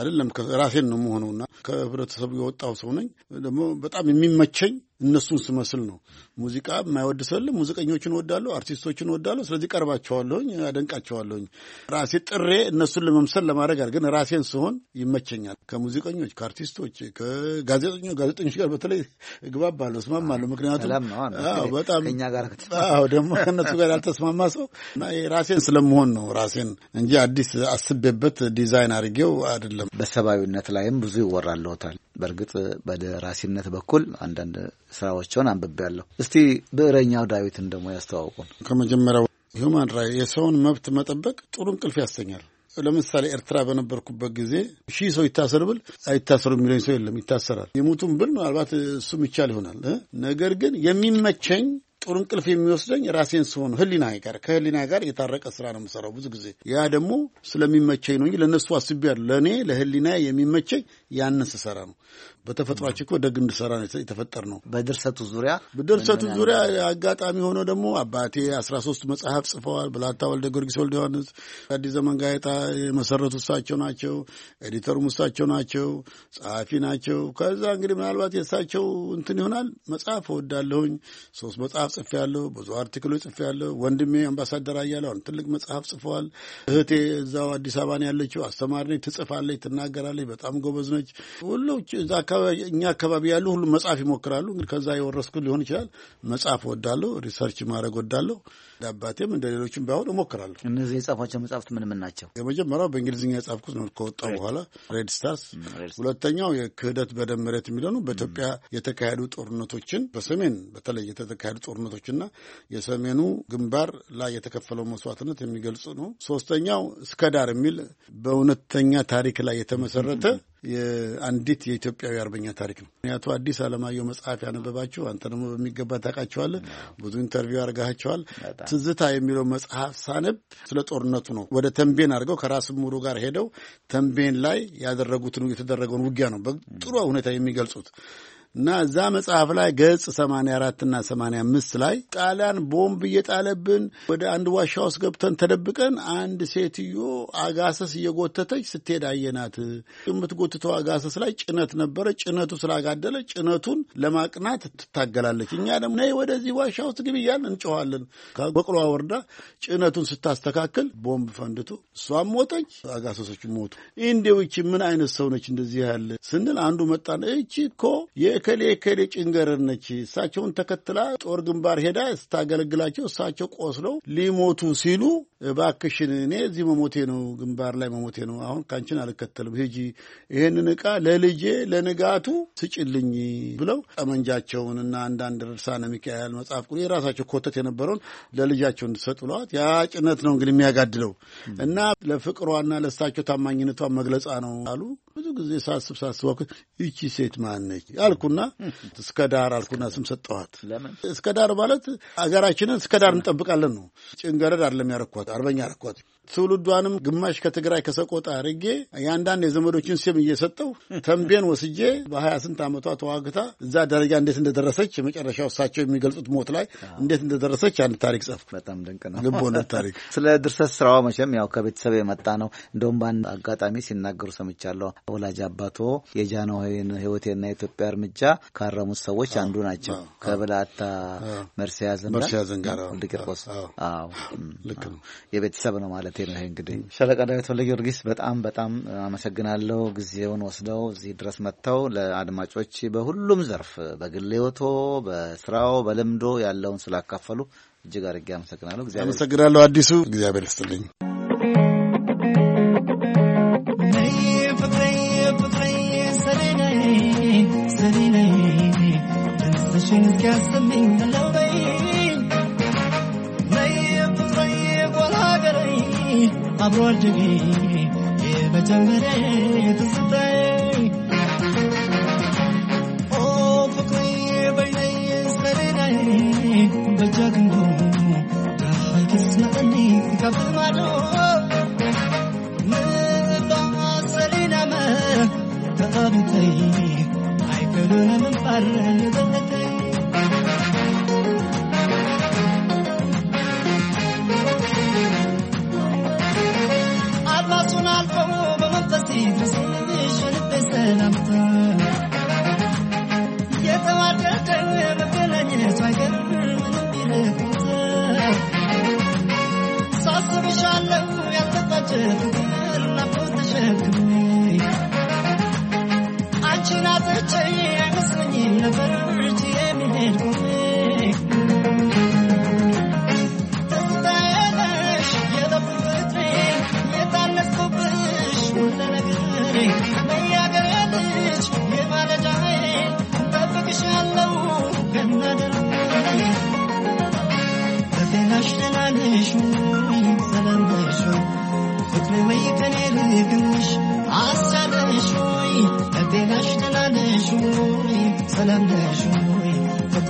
አይደለም። ራሴን ነው መሆኑና ከህብረተሰቡ የወጣው ሰው ነኝ። ደግሞ በጣም የሚመቸኝ እነሱን ስመስል ነው። ሙዚቃ የማይወድ ሰው የለም። ሙዚቀኞችን ወዳለሁ አርቲስቶችን እወዳለሁ። ስለዚህ ቀርባቸዋለሁኝ፣ አደንቃቸዋለሁኝ። ራሴ ጥሬ እነሱን ለመምሰል ለማድረግ ግን ራሴን ስሆን ይመቸኛል። ከሙዚቀኞች ከአርቲስቶች፣ ከጋዜጠኞች ጋዜጠኞች ጋር በተለይ እግባባለሁ፣ እስማማለሁ። ምክንያቱም በጣም ደግሞ ከእነሱ ጋር ያልተስማማ ሰው እና ራሴን ስለመሆን ነው ራሴን እንጂ አዲስ አስቤበት ዲዛይን አድርጌው አይደለም። በሰብአዊነት ላይም ብዙ ይወራለታል። በእርግጥ በደራሲነት በኩል አንዳንድ ስራዎቸውን አንብቤያለሁ። እስቲ ብዕረኛው ዳዊትን ደግሞ ያስተዋውቁን። ከመጀመሪያው ሂውማን ራይ የሰውን መብት መጠበቅ ጥሩ እንቅልፍ ያሰኛል። ለምሳሌ ኤርትራ በነበርኩበት ጊዜ ሺህ ሰው ይታሰር ብል አይታሰሩ የሚለኝ ሰው የለም፣ ይታሰራል። የሙቱም ብል ምናልባት እሱም ይቻል ይሆናል። ነገር ግን የሚመቸኝ ጥሩ እንቅልፍ የሚወስደኝ ራሴን ስሆን ህሊና ጋር ከህሊና ጋር የታረቀ ስራ ነው የምሰራው ብዙ ጊዜ። ያ ደግሞ ስለሚመቸኝ ነው እንጂ ለእነሱ አስቤያለሁ። ለእኔ ለህሊና የሚመቸኝ ያንን ስሰራ ነው። በተፈጥሯችን እኮ ደግ እንድሰራ ነው የተፈጠር ነው። በድርሰቱ ዙሪያ በድርሰቱ ዙሪያ አጋጣሚ ሆኖ ደግሞ አባቴ አስራ ሶስት መጽሐፍ ጽፈዋል። ብላታ ወልደ ጊዮርጊስ ወልደ ዮሐንስ አዲስ ዘመን ጋዜጣ የመሰረቱ እሳቸው ናቸው። ኤዲተሩም እሳቸው ናቸው። ጸሐፊ ናቸው። ከዛ እንግዲህ ምናልባት የእሳቸው እንትን ይሆናል። መጽሐፍ እወዳለሁኝ። ሶስት መጽሐፍ ጽፌያለሁ። ብዙ አርቲክሎች ጽፌያለሁ። ወንድሜ አምባሳደር አያሌው አሁን ትልቅ መጽሐፍ ጽፈዋል። እህቴ እዛው አዲስ አበባ ያለችው። አስተማሪ ነች፣ ትጽፋለች፣ ትናገራለች። በጣም ጎበዝ ነች። ሰዎች ሁሉ እኛ አካባቢ ያሉ ሁሉ መጽሐፍ ይሞክራሉ። እንግዲህ ከዛ የወረስኩ ሊሆን ይችላል። መጽሐፍ ወዳለሁ፣ ሪሰርች ማድረግ ወዳለሁ። ለአባቴም እንደ ሌሎችም ባይሆን እሞክራለሁ። እነዚህ የጻፏቸው መጽሐፍት ምን ምን ናቸው? የመጀመሪያው በእንግሊዝኛ የጻፍኩት ነው ከወጣ በኋላ ሬድ ስታርስ። ሁለተኛው የክህደት በደም መሬት የሚለው ነው። በኢትዮጵያ የተካሄዱ ጦርነቶችን በሰሜን በተለይ የተካሄዱ ጦርነቶችና የሰሜኑ ግንባር ላይ የተከፈለው መስዋዕትነት የሚገልጹ ነው። ሶስተኛው እስከ ዳር የሚል በእውነተኛ ታሪክ ላይ የተመሰረተ የአንዲት የኢትዮጵያዊ አርበኛ ታሪክ ነው። ምክንያቱ አዲስ አለማየሁ መጽሐፍ ያነበባችሁ አንተ ደግሞ በሚገባ ታውቃቸዋለህ። ብዙ ኢንተርቪው አድርጋቸዋል። ትዝታ የሚለው መጽሐፍ ሳነብ ስለ ጦርነቱ ነው። ወደ ተንቤን አድርገው ከራስ ሙሉ ጋር ሄደው ተንቤን ላይ ያደረጉትን የተደረገውን ውጊያ ነው በጥሩ ሁኔታ የሚገልጹት። እና እዛ መጽሐፍ ላይ ገጽ 84 እና 85 ላይ ጣሊያን ቦምብ እየጣለብን ወደ አንድ ዋሻ ውስጥ ገብተን ተደብቀን አንድ ሴትዮ አጋሰስ እየጎተተች ስትሄድ አየናት። የምትጎትተው አጋሰስ ላይ ጭነት ነበረ። ጭነቱ ስላጋደለ ጭነቱን ለማቅናት ትታገላለች። እኛ ደግሞ ነይ ወደዚህ ዋሻ ውስጥ ግቢ እያልን እንጮኋለን። ከበቅሏ ወርዳ ጭነቱን ስታስተካክል ቦምብ ፈንድቶ እሷም ሞተች፣ አጋሰሶች ሞቱ። እንዲው ይቺ ምን አይነት ሰው ነች እንደዚህ ያለ ስንል አንዱ መጣ። እቺ እኮ እከሌ እከሌ ጭንገርር ነች፣ እሳቸውን ተከትላ ጦር ግንባር ሄዳ ስታገለግላቸው እሳቸው ቆስለው ሊሞቱ ሲሉ እባክሽን እኔ እዚህ መሞቴ ነው፣ ግንባር ላይ መሞቴ ነው። አሁን ካንችን አልከተልም፣ ሂጂ፣ ይህንን ዕቃ ለልጄ ለንጋቱ ስጭልኝ ብለው ጠመንጃቸውን እና አንዳንድ ርዕሳነ ሚካኤል መጽሐፍ ቁ የራሳቸው ኮተት የነበረውን ለልጃቸው እንድሰጥ ብለዋት፣ ያ ጭነት ነው እንግዲህ የሚያጋድለው እና ለፍቅሯና ለእሳቸው ታማኝነቷ መግለጻ ነው አሉ። ብዙ ጊዜ ሳስብ ሳስብ እቺ ሴት ማነች አልኩና እስከ ዳር አልኩና ስም ሰጠኋት። እስከ ዳር ማለት አገራችንን እስከ ዳር እንጠብቃለን ነው። ጭንገረድ አይደለም ያረኳት፣ አርበኛ ያረኳት። ትውልዷንም ግማሽ ከትግራይ ከሰቆጣ አድርጌ የአንዳንድ የዘመዶችን ስም እየሰጠው ተንቤን ወስጄ በሀያ ስንት ዓመቷ ተዋግታ እዛ ደረጃ እንዴት እንደደረሰች የመጨረሻው እሳቸው የሚገልጹት ሞት ላይ እንዴት እንደደረሰች አንድ ታሪክ ጻፍኩ። በጣም ድንቅ ነው። ልቦለድ ታሪክ (laughs) ስለ ድርሰት ስራዋ መቼም ያው ከቤተሰብ የመጣ ነው። እንደውም በአንድ አጋጣሚ ሲናገሩ ሰምቻለሁ። ወላጅ አባቶ የጃንሆይን ህይወቴና የኢትዮጵያ እርምጃ ካረሙት ሰዎች አንዱ ናቸው። ከብላታ መርስዔ ዘንጋር ልክ ነው። የቤተሰብ ነው ማለት ማለት ነው። እንግዲህ ሻለቃ ዳዊት ወልደ ጊዮርጊስ በጣም በጣም አመሰግናለሁ። ጊዜውን ወስደው እዚህ ድረስ መጥተው ለአድማጮች በሁሉም ዘርፍ በግል ሕይወቶ፣ በስራው፣ በልምዶ ያለውን ስላካፈሉ እጅግ አድርጌ አመሰግናለሁ። አመሰግናለሁ አዲሱ፣ እግዚአብሔር ይስጥልኝ። Just a አብሮልኝ የመጀመሪያ ትዝታዬ ኦ ፍቅሬ በይነይ ስለሌላዬ በእጃ ግንዱ ዳሀይክስ መጠኒ ይከፍል ማዶ ተቀብተይ አይከሉንም ባረ ዘተይ İdris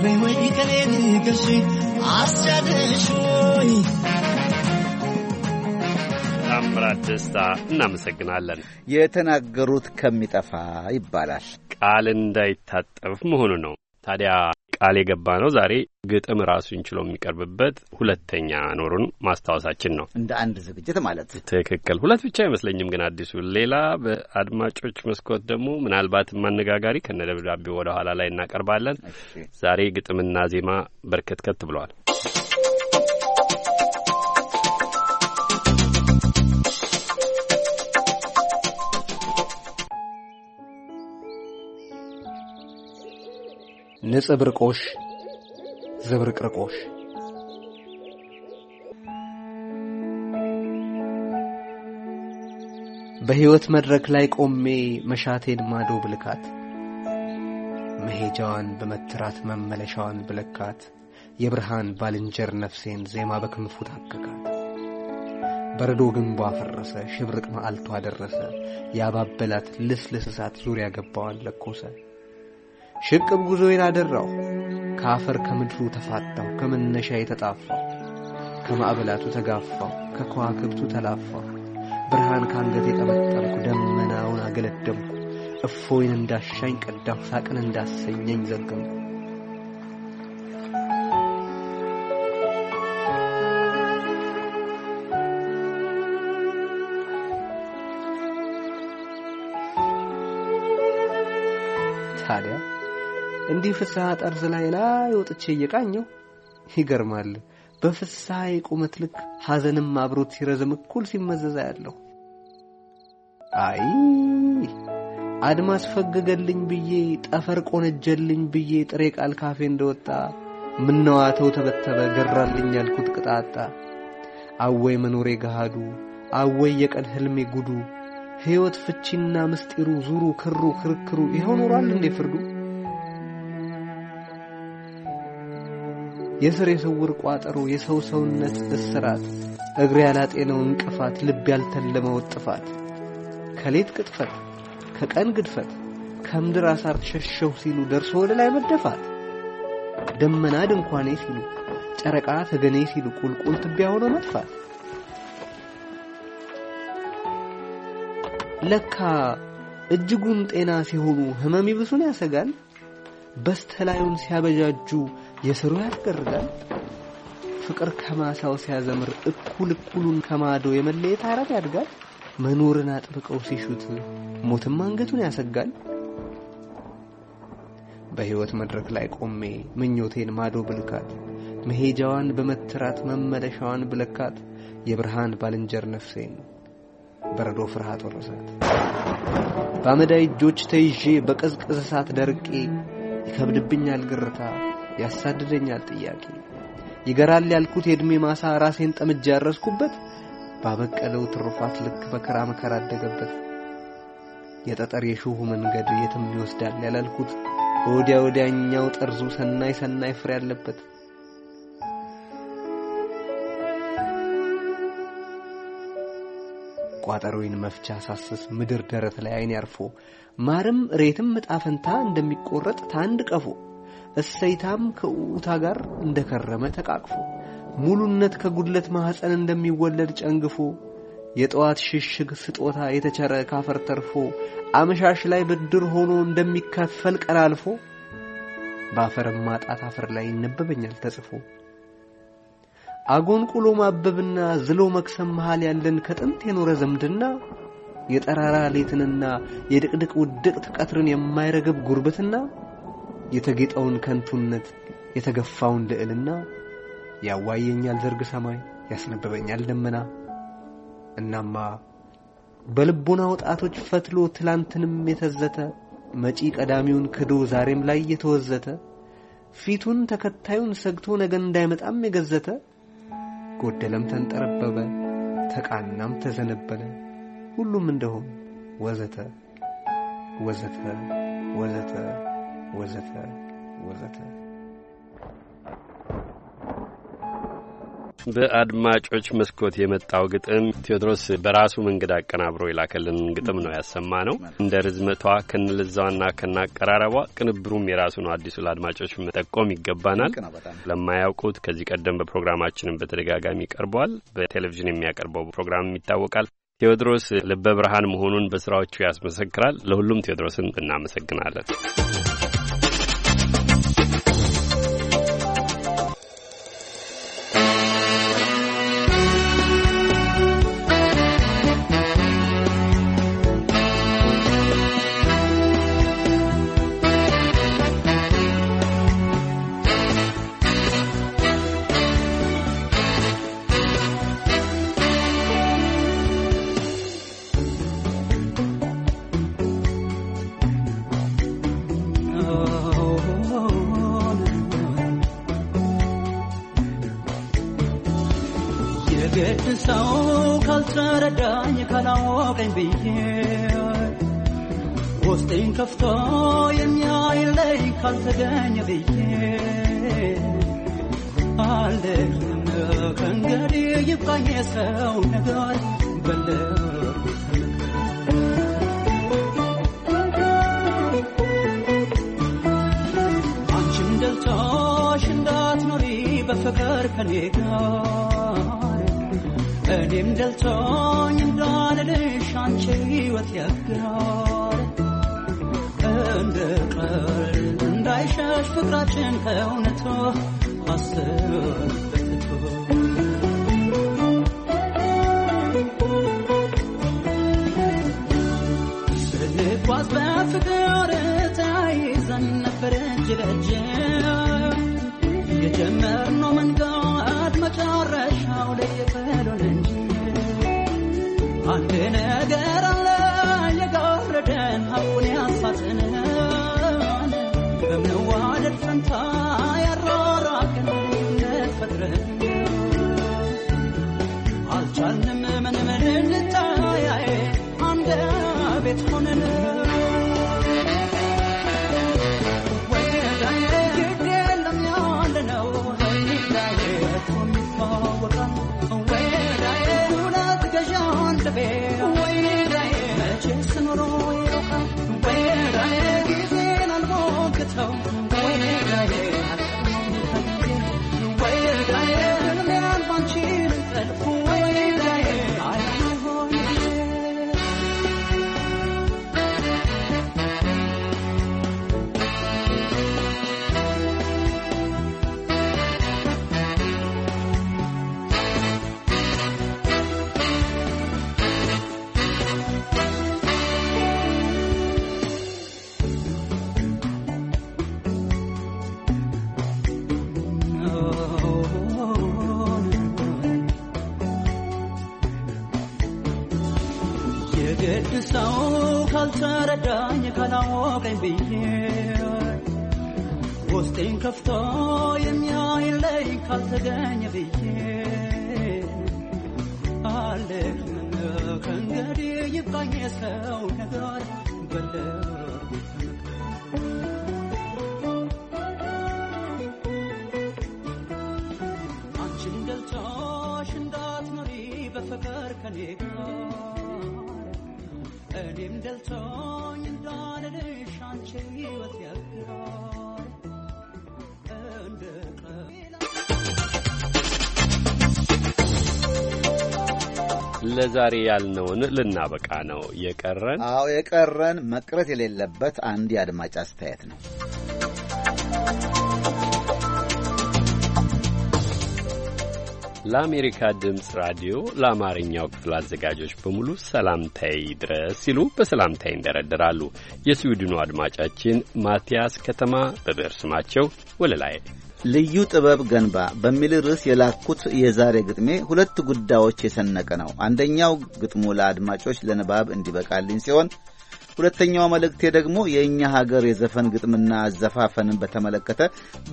ወይ ወይ አስቻለሽ ወይ ታምራት ደስታ እናመሰግናለን። የተናገሩት ከሚጠፋ ይባላል ቃል እንዳይታጠፍ መሆኑ ነው ታዲያ ቃል የገባ ነው። ዛሬ ግጥም ራሱን ችሎ የሚቀርብበት ሁለተኛ ኖሩን ማስታወሳችን ነው። እንደ አንድ ዝግጅት ማለት ትክክል። ሁለት ብቻ አይመስለኝም ግን አዲሱ ሌላ በአድማጮች መስኮት ደግሞ ምናልባትም አነጋጋሪ ከነ ደብዳቤው ወደ ኋላ ላይ እናቀርባለን። ዛሬ ግጥምና ዜማ በርከትከት ብለዋል። ንጽብርቆሽ ዝብርቅርቆሽ በሕይወት መድረክ ላይ ቆሜ መሻቴን ማዶ ብልካት መሄጃዋን በመትራት መመለሻዋን ብለካት የብርሃን ባልንጀር ነፍሴን ዜማ በክንፉ ታከካት። በረዶ ግንቧ ፈረሰ፣ ሽብርቅ መዓልቷ ደረሰ፣ ያባበላት ልስልስ እሳት ዙሪያ ገባዋን ለኮሰ። ሽቅብ ጉዞዬን አደራው ከአፈር ከምድሩ ተፋታሁ፣ ከመነሻ የተጣፋሁ፣ ከማዕበላቱ ተጋፋው ከከዋክብቱ ተላፋ ብርሃን ከአንገት የጠመጠምኩ ደመናውን አገለደምኩ። እፎይን እንዳሻኝ ቀዳሁ፣ ሳቅን እንዳሰኘኝ ዘገምኩ። እንዲህ ፍስሐ ጠርዝ ላይ ላይ ወጥቼ እየቃኘው ይገርማል። በፍስሐ የቁመት ልክ ሐዘንም አብሮት ሲረዝም እኩል ሲመዘዛ ያለው አይ አድማስ ፈገገልኝ ብዬ ጠፈር ቆነጀልኝ ብዬ ጥሬ ቃል ካፌ እንደወጣ ምነዋተው ተበተበ ገራልኝ ያልኩት ቅጣጣ አወይ መኖሬ ገሃዱ አወይ የቀን ህልሜ ጉዱ ሕይወት ፍቺና ምስጢሩ ዙሩ ክሩ ክርክሩ ይኸው ኖሯል እንዴ ፍርዱ የስር የስውር ቋጠሮ የሰው ሰውነት እስራት እግር ያላጤነው እንቅፋት ልብ ያልተለመው ጥፋት ከሌት ቅጥፈት ከቀን ግድፈት ከምድር አሳር ሸሸው ሲሉ ደርሶ ወደ ላይ መደፋት ደመና ድንኳኔ ሲሉ ጨረቃ ተገኔ ሲሉ ቁልቁል ትቢያ ሆኖ መጥፋት ለካ እጅጉን ጤና ሲሆኑ ህመም ይብሱን ያሰጋል በስተላዩን ሲያበጃጁ የስሩ ያስገርጋል። ፍቅር ከማሳው ሲያዘምር እኩል እኩሉን ከማዶ የመለየት አረፍ ያድጋል። መኖርን አጥብቀው ሲሹት ሞትም አንገቱን ያሰጋል። በሕይወት መድረክ ላይ ቆሜ ምኞቴን ማዶ ብልካት መሄጃዋን በመትራት መመለሻዋን ብለካት የብርሃን ባልንጀር ነፍሴን በረዶ ፍርሃት ወረሳት። በአመዳይ እጆች ተይዤ በቀዝቀዝ እሳት ደርቄ ይከብድብኛል ግርታ ያሳድደኛል ጥያቄ ይገራል ያልኩት የእድሜ ማሳ ራሴን ጠምጃ ያረስኩበት ባበቀለው ትሩፋት ልክ በከራ መከራ አደገበት የጠጠር የሾሁ መንገድ የትም ይወስዳል ያላልኩት ወዲያ ወዲያኛው ጠርዙ ሰናይ ሰናይ ፍሬ ያለበት ቋጠሮዬን መፍቻ ሳስስ ምድር ደረት ላይ አይን ያርፎ ማርም እሬትም ዕጣ እንደሚቆረጥ ታንድ ቀፎ እሰይታም ከውታ ጋር እንደከረመ ተቃቅፎ ሙሉነት ከጉድለት ማኅፀን እንደሚወለድ ጨንግፎ የጠዋት ሽሽግ ስጦታ የተቸረ ካፈር ተርፎ አመሻሽ ላይ ብድር ሆኖ እንደሚካፈል ቀላልፎ በአፈርም ማጣት አፈር ላይ ይነበበኛል ተጽፎ አጎንቁሎ ማበብና ዝሎ መክሰም መሃል ያለን ከጥንት የኖረ ዘምድና የጠራራ ሌትንና የድቅድቅ ውድቅት ቀትርን የማይረግብ ጉርብትና የተጌጠውን ከንቱነት የተገፋውን ልዕልና ያዋየኛል ዘርግ ሰማይ ያስነበበኛል ደመና። እናማ በልቦና ወጣቶች ፈትሎ ትላንትንም የተዘተ መጪ ቀዳሚውን ክዶ ዛሬም ላይ የተወዘተ ፊቱን ተከታዩን ሰግቶ ነገን እንዳይመጣም የገዘተ ጎደለም ተንጠረበበ ተቃናም ተዘነበለ ሁሉም እንደሆን ወዘተ ወዘተ ወዘተ ወዘተ ወዘተ። በአድማጮች መስኮት የመጣው ግጥም ቴዎድሮስ በራሱ መንገድ አቀናብሮ የላከልን ግጥም ነው ያሰማ ነው። እንደ ርዝመቷ ከንልዛዋና ከናቀራረቧ ቅንብሩም የራሱ ነው። አዲሱ ለአድማጮች መጠቆም ይገባናል። ለማያውቁት ከዚህ ቀደም በፕሮግራማችንም በተደጋጋሚ ቀርቧል። በቴሌቪዥን የሚያቀርበው ፕሮግራም ይታወቃል። ቴዎድሮስ ልበ ብርሃን መሆኑን በስራዎቹ ያስመሰክራል። ለሁሉም ቴዎድሮስን እናመሰግናለን። ሳረዳኝ ካላወቀኝ ብዬ ውስጤን ከፍቶ የሚያይለይ ካልተገኘ ብዬ አልደግም ከእንግዲህ ይብቃኝ የሰው ነገር በለ ፍቅራችን እውነቱ አስብ ለዛሬ ያልነውን ልናበቃ ነው። የቀረን አዎ የቀረን መቅረት የሌለበት አንድ የአድማጭ አስተያየት ነው። ለአሜሪካ ድምፅ ራዲዮ ለአማርኛው ክፍል አዘጋጆች በሙሉ ሰላምታይ ድረስ ሲሉ በሰላምታይ ይንደረደራሉ። የስዊድኑ አድማጫችን ማቲያስ ከተማ በብዕር ስማቸው ወለላይ ልዩ ጥበብ ገንባ በሚል ርዕስ የላኩት የዛሬ ግጥሜ ሁለት ጉዳዮች የሰነቀ ነው። አንደኛው ግጥሙ ለአድማጮች ለንባብ እንዲበቃልኝ ሲሆን ሁለተኛው መልእክቴ ደግሞ የእኛ ሀገር የዘፈን ግጥምና አዘፋፈንን በተመለከተ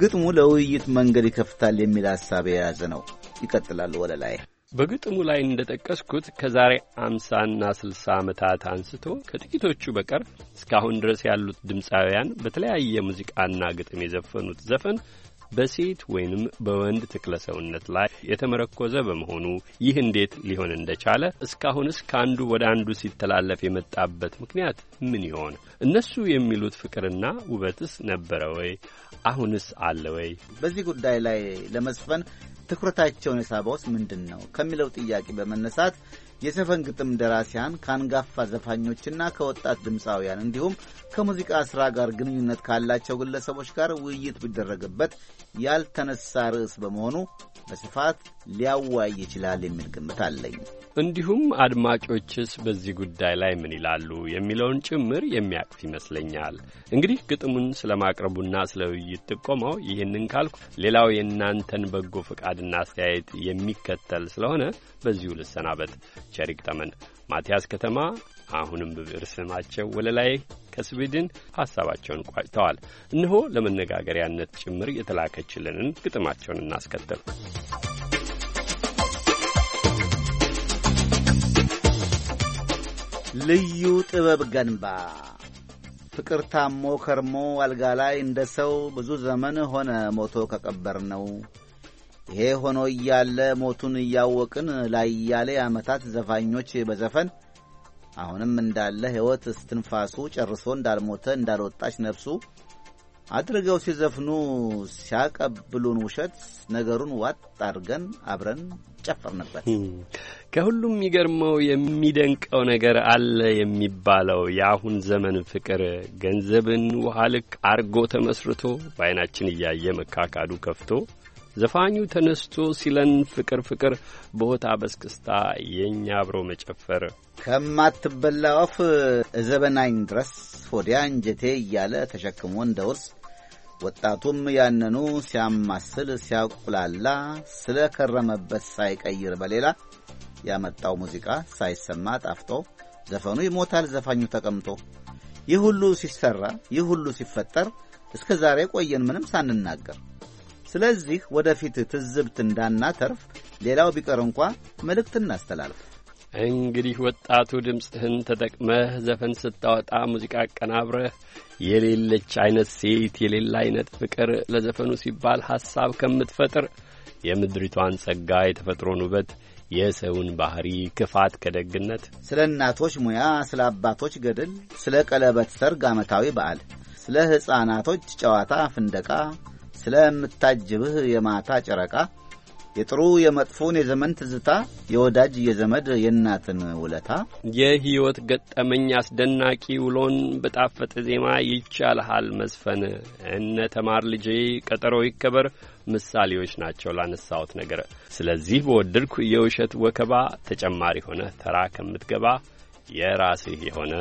ግጥሙ ለውይይት መንገድ ይከፍታል የሚል ሀሳብ የያዘ ነው። ይቀጥላል ወለላይ በግጥሙ ላይ እንደጠቀስኩት ከዛሬ አምሳና ስልሳ ዓመታት አንስቶ ከጥቂቶቹ በቀር እስካሁን ድረስ ያሉት ድምፃውያን በተለያየ ሙዚቃና ግጥም የዘፈኑት ዘፈን በሴት ወይንም በወንድ ትክለ ሰውነት ላይ የተመረኮዘ በመሆኑ ይህ እንዴት ሊሆን እንደቻለ እስካሁንስ ከአንዱ ወደ አንዱ ሲተላለፍ የመጣበት ምክንያት ምን ይሆን? እነሱ የሚሉት ፍቅርና ውበትስ ነበረ ወይ? አሁንስ አለ ወይ? በዚህ ጉዳይ ላይ ለመጽፈን ትኩረታቸውን የሳበውስ ምንድን ነው ከሚለው ጥያቄ በመነሳት የዘፈን ግጥም ደራሲያን ከአንጋፋ ዘፋኞችና ከወጣት ድምፃውያን እንዲሁም ከሙዚቃ ሥራ ጋር ግንኙነት ካላቸው ግለሰቦች ጋር ውይይት ቢደረግበት ያልተነሳ ርዕስ በመሆኑ በስፋት ሊያዋይ ይችላል የሚል ግምት አለኝ። እንዲሁም አድማጮችስ በዚህ ጉዳይ ላይ ምን ይላሉ የሚለውን ጭምር የሚያቅፍ ይመስለኛል። እንግዲህ ግጥሙን ስለ ማቅረቡና ስለ ውይይት ጥቆመው ይህንን ካልኩ፣ ሌላው የእናንተን በጎ ፈቃድና አስተያየት የሚከተል ስለሆነ በዚሁ ልሰናበት። ቸሪክ ተመን፣ ማቲያስ ከተማ አሁንም በብዕር ስማቸው ወለላይ ከስዊድን ሀሳባቸውን ቋጭተዋል። እነሆ ለመነጋገሪያነት ጭምር የተላከችልንን ግጥማቸውን እናስከተል። ልዩ ጥበብ ገንባ ፍቅር ታሞ ከርሞ አልጋ ላይ እንደ ሰው ብዙ ዘመን ሆነ ሞቶ ከቀበር ነው። ይሄ ሆኖ እያለ ሞቱን እያወቅን ላይ እያለ ዓመታት ዘፋኞች በዘፈን አሁንም እንዳለ ሕይወት ስትንፋሱ ጨርሶ እንዳልሞተ እንዳልወጣች ነፍሱ አድርገው ሲዘፍኑ ሲያቀብሉን ውሸት ነገሩን ዋጥ አድርገን አብረን ነበር። ከሁሉም የሚገርመው የሚደንቀው ነገር አለ የሚባለው የአሁን ዘመን ፍቅር ገንዘብን ውሃ ልክ አርጎ ተመስርቶ በዓይናችን እያየ መካካዱ ከፍቶ ዘፋኙ ተነስቶ ሲለን ፍቅር ፍቅር በሆታ በስክስታ የእኛ አብሮ መጨፈር ከማትበላ ወፍ እዘበናኝ ድረስ ወዲያ እንጀቴ እያለ ተሸክሞ እንደ ውርስ ወጣቱም ያንኑ ሲያማስል ሲያቁላላ ስለከረመበት ሳይቀይር በሌላ ያመጣው ሙዚቃ ሳይሰማ ጣፍጦ ዘፈኑ ይሞታል፣ ዘፋኙ ተቀምጦ። ይህ ሁሉ ሲሰራ፣ ይህ ሁሉ ሲፈጠር እስከ ዛሬ ቆየን ምንም ሳንናገር። ስለዚህ ወደፊት ትዝብት እንዳናተርፍ ሌላው ቢቀር እንኳ መልእክት እናስተላልፍ። እንግዲህ ወጣቱ ድምፅህን ተጠቅመህ ዘፈን ስታወጣ ሙዚቃ አቀናብረህ የሌለች አይነት ሴት የሌለ አይነት ፍቅር ለዘፈኑ ሲባል ሐሳብ ከምትፈጥር የምድሪቷን ጸጋ የተፈጥሮን ውበት የሰውን ባህሪ ክፋት ከደግነት፣ ስለ እናቶች ሙያ፣ ስለ አባቶች ገድል፣ ስለ ቀለበት ሰርግ፣ ዓመታዊ በዓል፣ ስለ ሕፃናቶች ጨዋታ፣ ፍንደቃ፣ ስለምታጅብህ የማታ ጨረቃ የጥሩ የመጥፎን የዘመን ትዝታ የወዳጅ የዘመድ የእናትን ውለታ የሕይወት ገጠመኝ አስደናቂ ውሎን በጣፈጠ ዜማ ይቻልሃል መዝፈን እነ ተማር ልጄ ቀጠሮ ይከበር ምሳሌዎች ናቸው ላነሳሁት ነገር። ስለዚህ በወደድኩ የውሸት ወከባ ተጨማሪ ሆነ ተራ ከምትገባ የራስህ የሆነ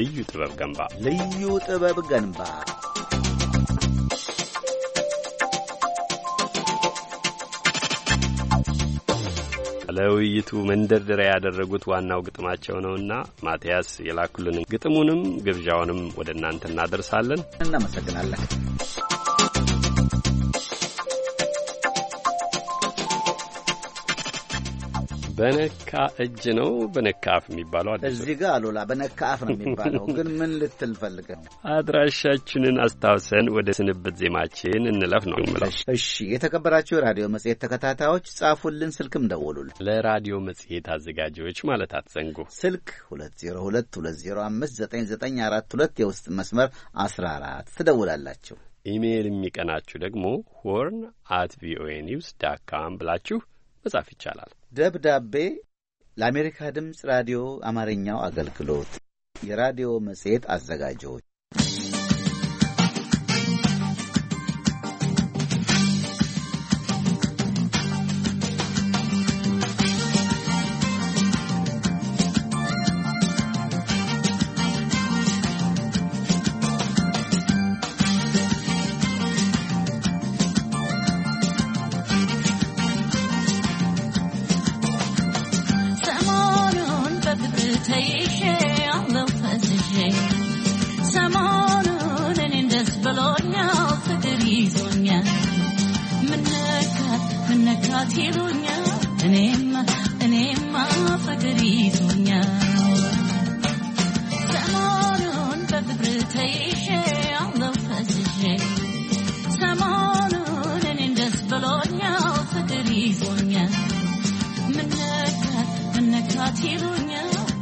ልዩ ጥበብ ገንባ ልዩ ጥበብ ገንባ ለውይይቱ መንደርደሪያ ያደረጉት ዋናው ግጥማቸው ነውና ማቲያስ የላኩልን ግጥሙንም ግብዣውንም ወደ እናንተ እናደርሳለን። እናመሰግናለን። በነካ እጅ ነው በነካ አፍ የሚባለው እዚህ ጋር አሉላ በነካ አፍ ነው የሚባለው። (laughs) ግን ምን ልትል ነው? አድራሻችንን አስታውሰን ወደ ስንብት ዜማችን እንለፍ ነው የምለው። እሺ የተከበራችሁ የራዲዮ መጽሔት ተከታታዮች ጻፉልን፣ ስልክም ደውሉል። ለራዲዮ መጽሔት አዘጋጆች ማለት አትዘንጉ። ስልክ 2022059942 የውስጥ መስመር 14 ትደውላላችሁ። ኢሜይል የሚቀናችሁ ደግሞ ሆርን አት ቪኦኤ ኒውስ ዳት ካም ብላችሁ መጻፍ ይቻላል። ደብዳቤ ለአሜሪካ ድምፅ ራዲዮ አማርኛው አገልግሎት የራዲዮ መጽሔት አዘጋጆች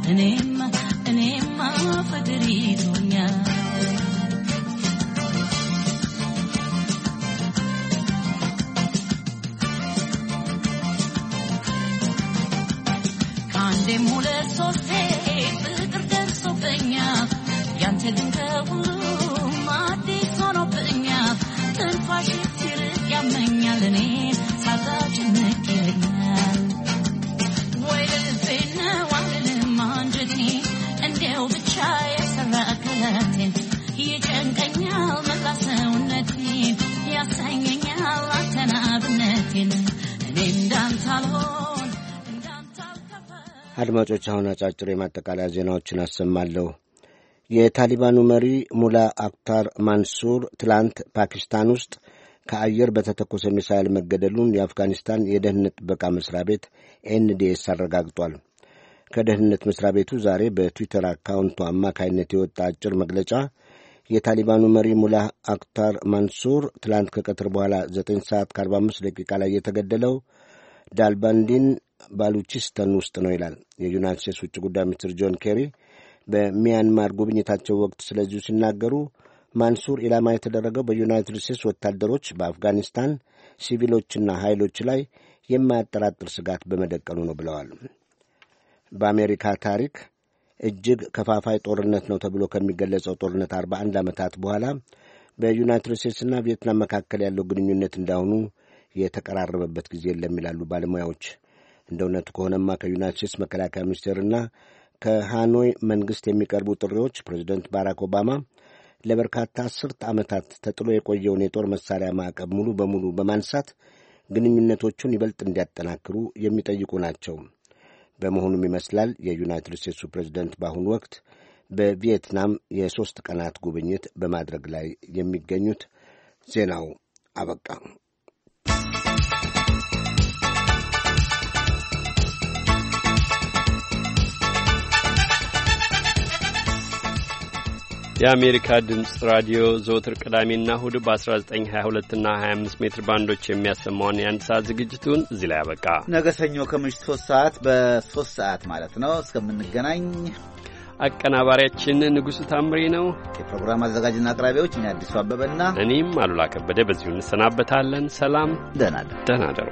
an አድማጮች፣ አሁን አጫጭር የማጠቃለያ ዜናዎችን አሰማለሁ። የታሊባኑ መሪ ሙላ አክታር ማንሱር ትላንት ፓኪስታን ውስጥ ከአየር በተተኮሰ ሚሳይል መገደሉን የአፍጋኒስታን የደህንነት ጥበቃ መስሪያ ቤት ኤንዲኤስ አረጋግጧል። ከደህንነት መስሪያ ቤቱ ዛሬ በትዊተር አካውንቱ አማካይነት የወጣ አጭር መግለጫ የታሊባኑ መሪ ሙላ አክታር ማንሱር ትላንት ከቀትር በኋላ 9 ሰዓት ከ45 ደቂቃ ላይ የተገደለው ዳልባንዲን ባሉቺስተን ውስጥ ነው ይላል። የዩናይት ስቴትስ ውጭ ጉዳይ ሚኒስትር ጆን ኬሪ በሚያንማር ጉብኝታቸው ወቅት ስለዚሁ ሲናገሩ ማንሱር ኢላማ የተደረገው በዩናይትድ ስቴትስ ወታደሮች በአፍጋኒስታን ሲቪሎችና ኃይሎች ላይ የማያጠራጥር ስጋት በመደቀኑ ነው ብለዋል። በአሜሪካ ታሪክ እጅግ ከፋፋይ ጦርነት ነው ተብሎ ከሚገለጸው ጦርነት አርባ አንድ ዓመታት በኋላ በዩናይትድ ስቴትስና ቪየትናም መካከል ያለው ግንኙነት እንዳሁኑ የተቀራረበበት ጊዜ የለም ይላሉ ባለሙያዎች። እንደ እውነቱ ከሆነማ ከዩናይት ስቴትስ መከላከያ ሚኒስቴርና ከሃኖይ መንግሥት የሚቀርቡ ጥሪዎች ፕሬዚደንት ባራክ ኦባማ ለበርካታ አስርት ዓመታት ተጥሎ የቆየውን የጦር መሳሪያ ማዕቀብ ሙሉ በሙሉ በማንሳት ግንኙነቶቹን ይበልጥ እንዲያጠናክሩ የሚጠይቁ ናቸው። በመሆኑም ይመስላል የዩናይትድ ስቴትሱ ፕሬዚደንት በአሁኑ ወቅት በቪየትናም የሦስት ቀናት ጉብኝት በማድረግ ላይ የሚገኙት። ዜናው አበቃ። የአሜሪካ ድምፅ ራዲዮ ዘወትር ቅዳሜና እሁድ በ1922 እና 25 ሜትር ባንዶች የሚያሰማውን የአንድ ሰዓት ዝግጅቱን እዚህ ላይ ያበቃ። ነገ ሰኞ ከምሽት 3 ሰዓት በ3 ሰዓት ማለት ነው እስከምንገናኝ አቀናባሪያችን ንጉሥ ታምሬ ነው። የፕሮግራም አዘጋጅና አቅራቢዎች እኔ አዲሱ አበበና እኔም አሉላ ከበደ በዚሁ እንሰናበታለን። ሰላም፣ ደህና ደሩ።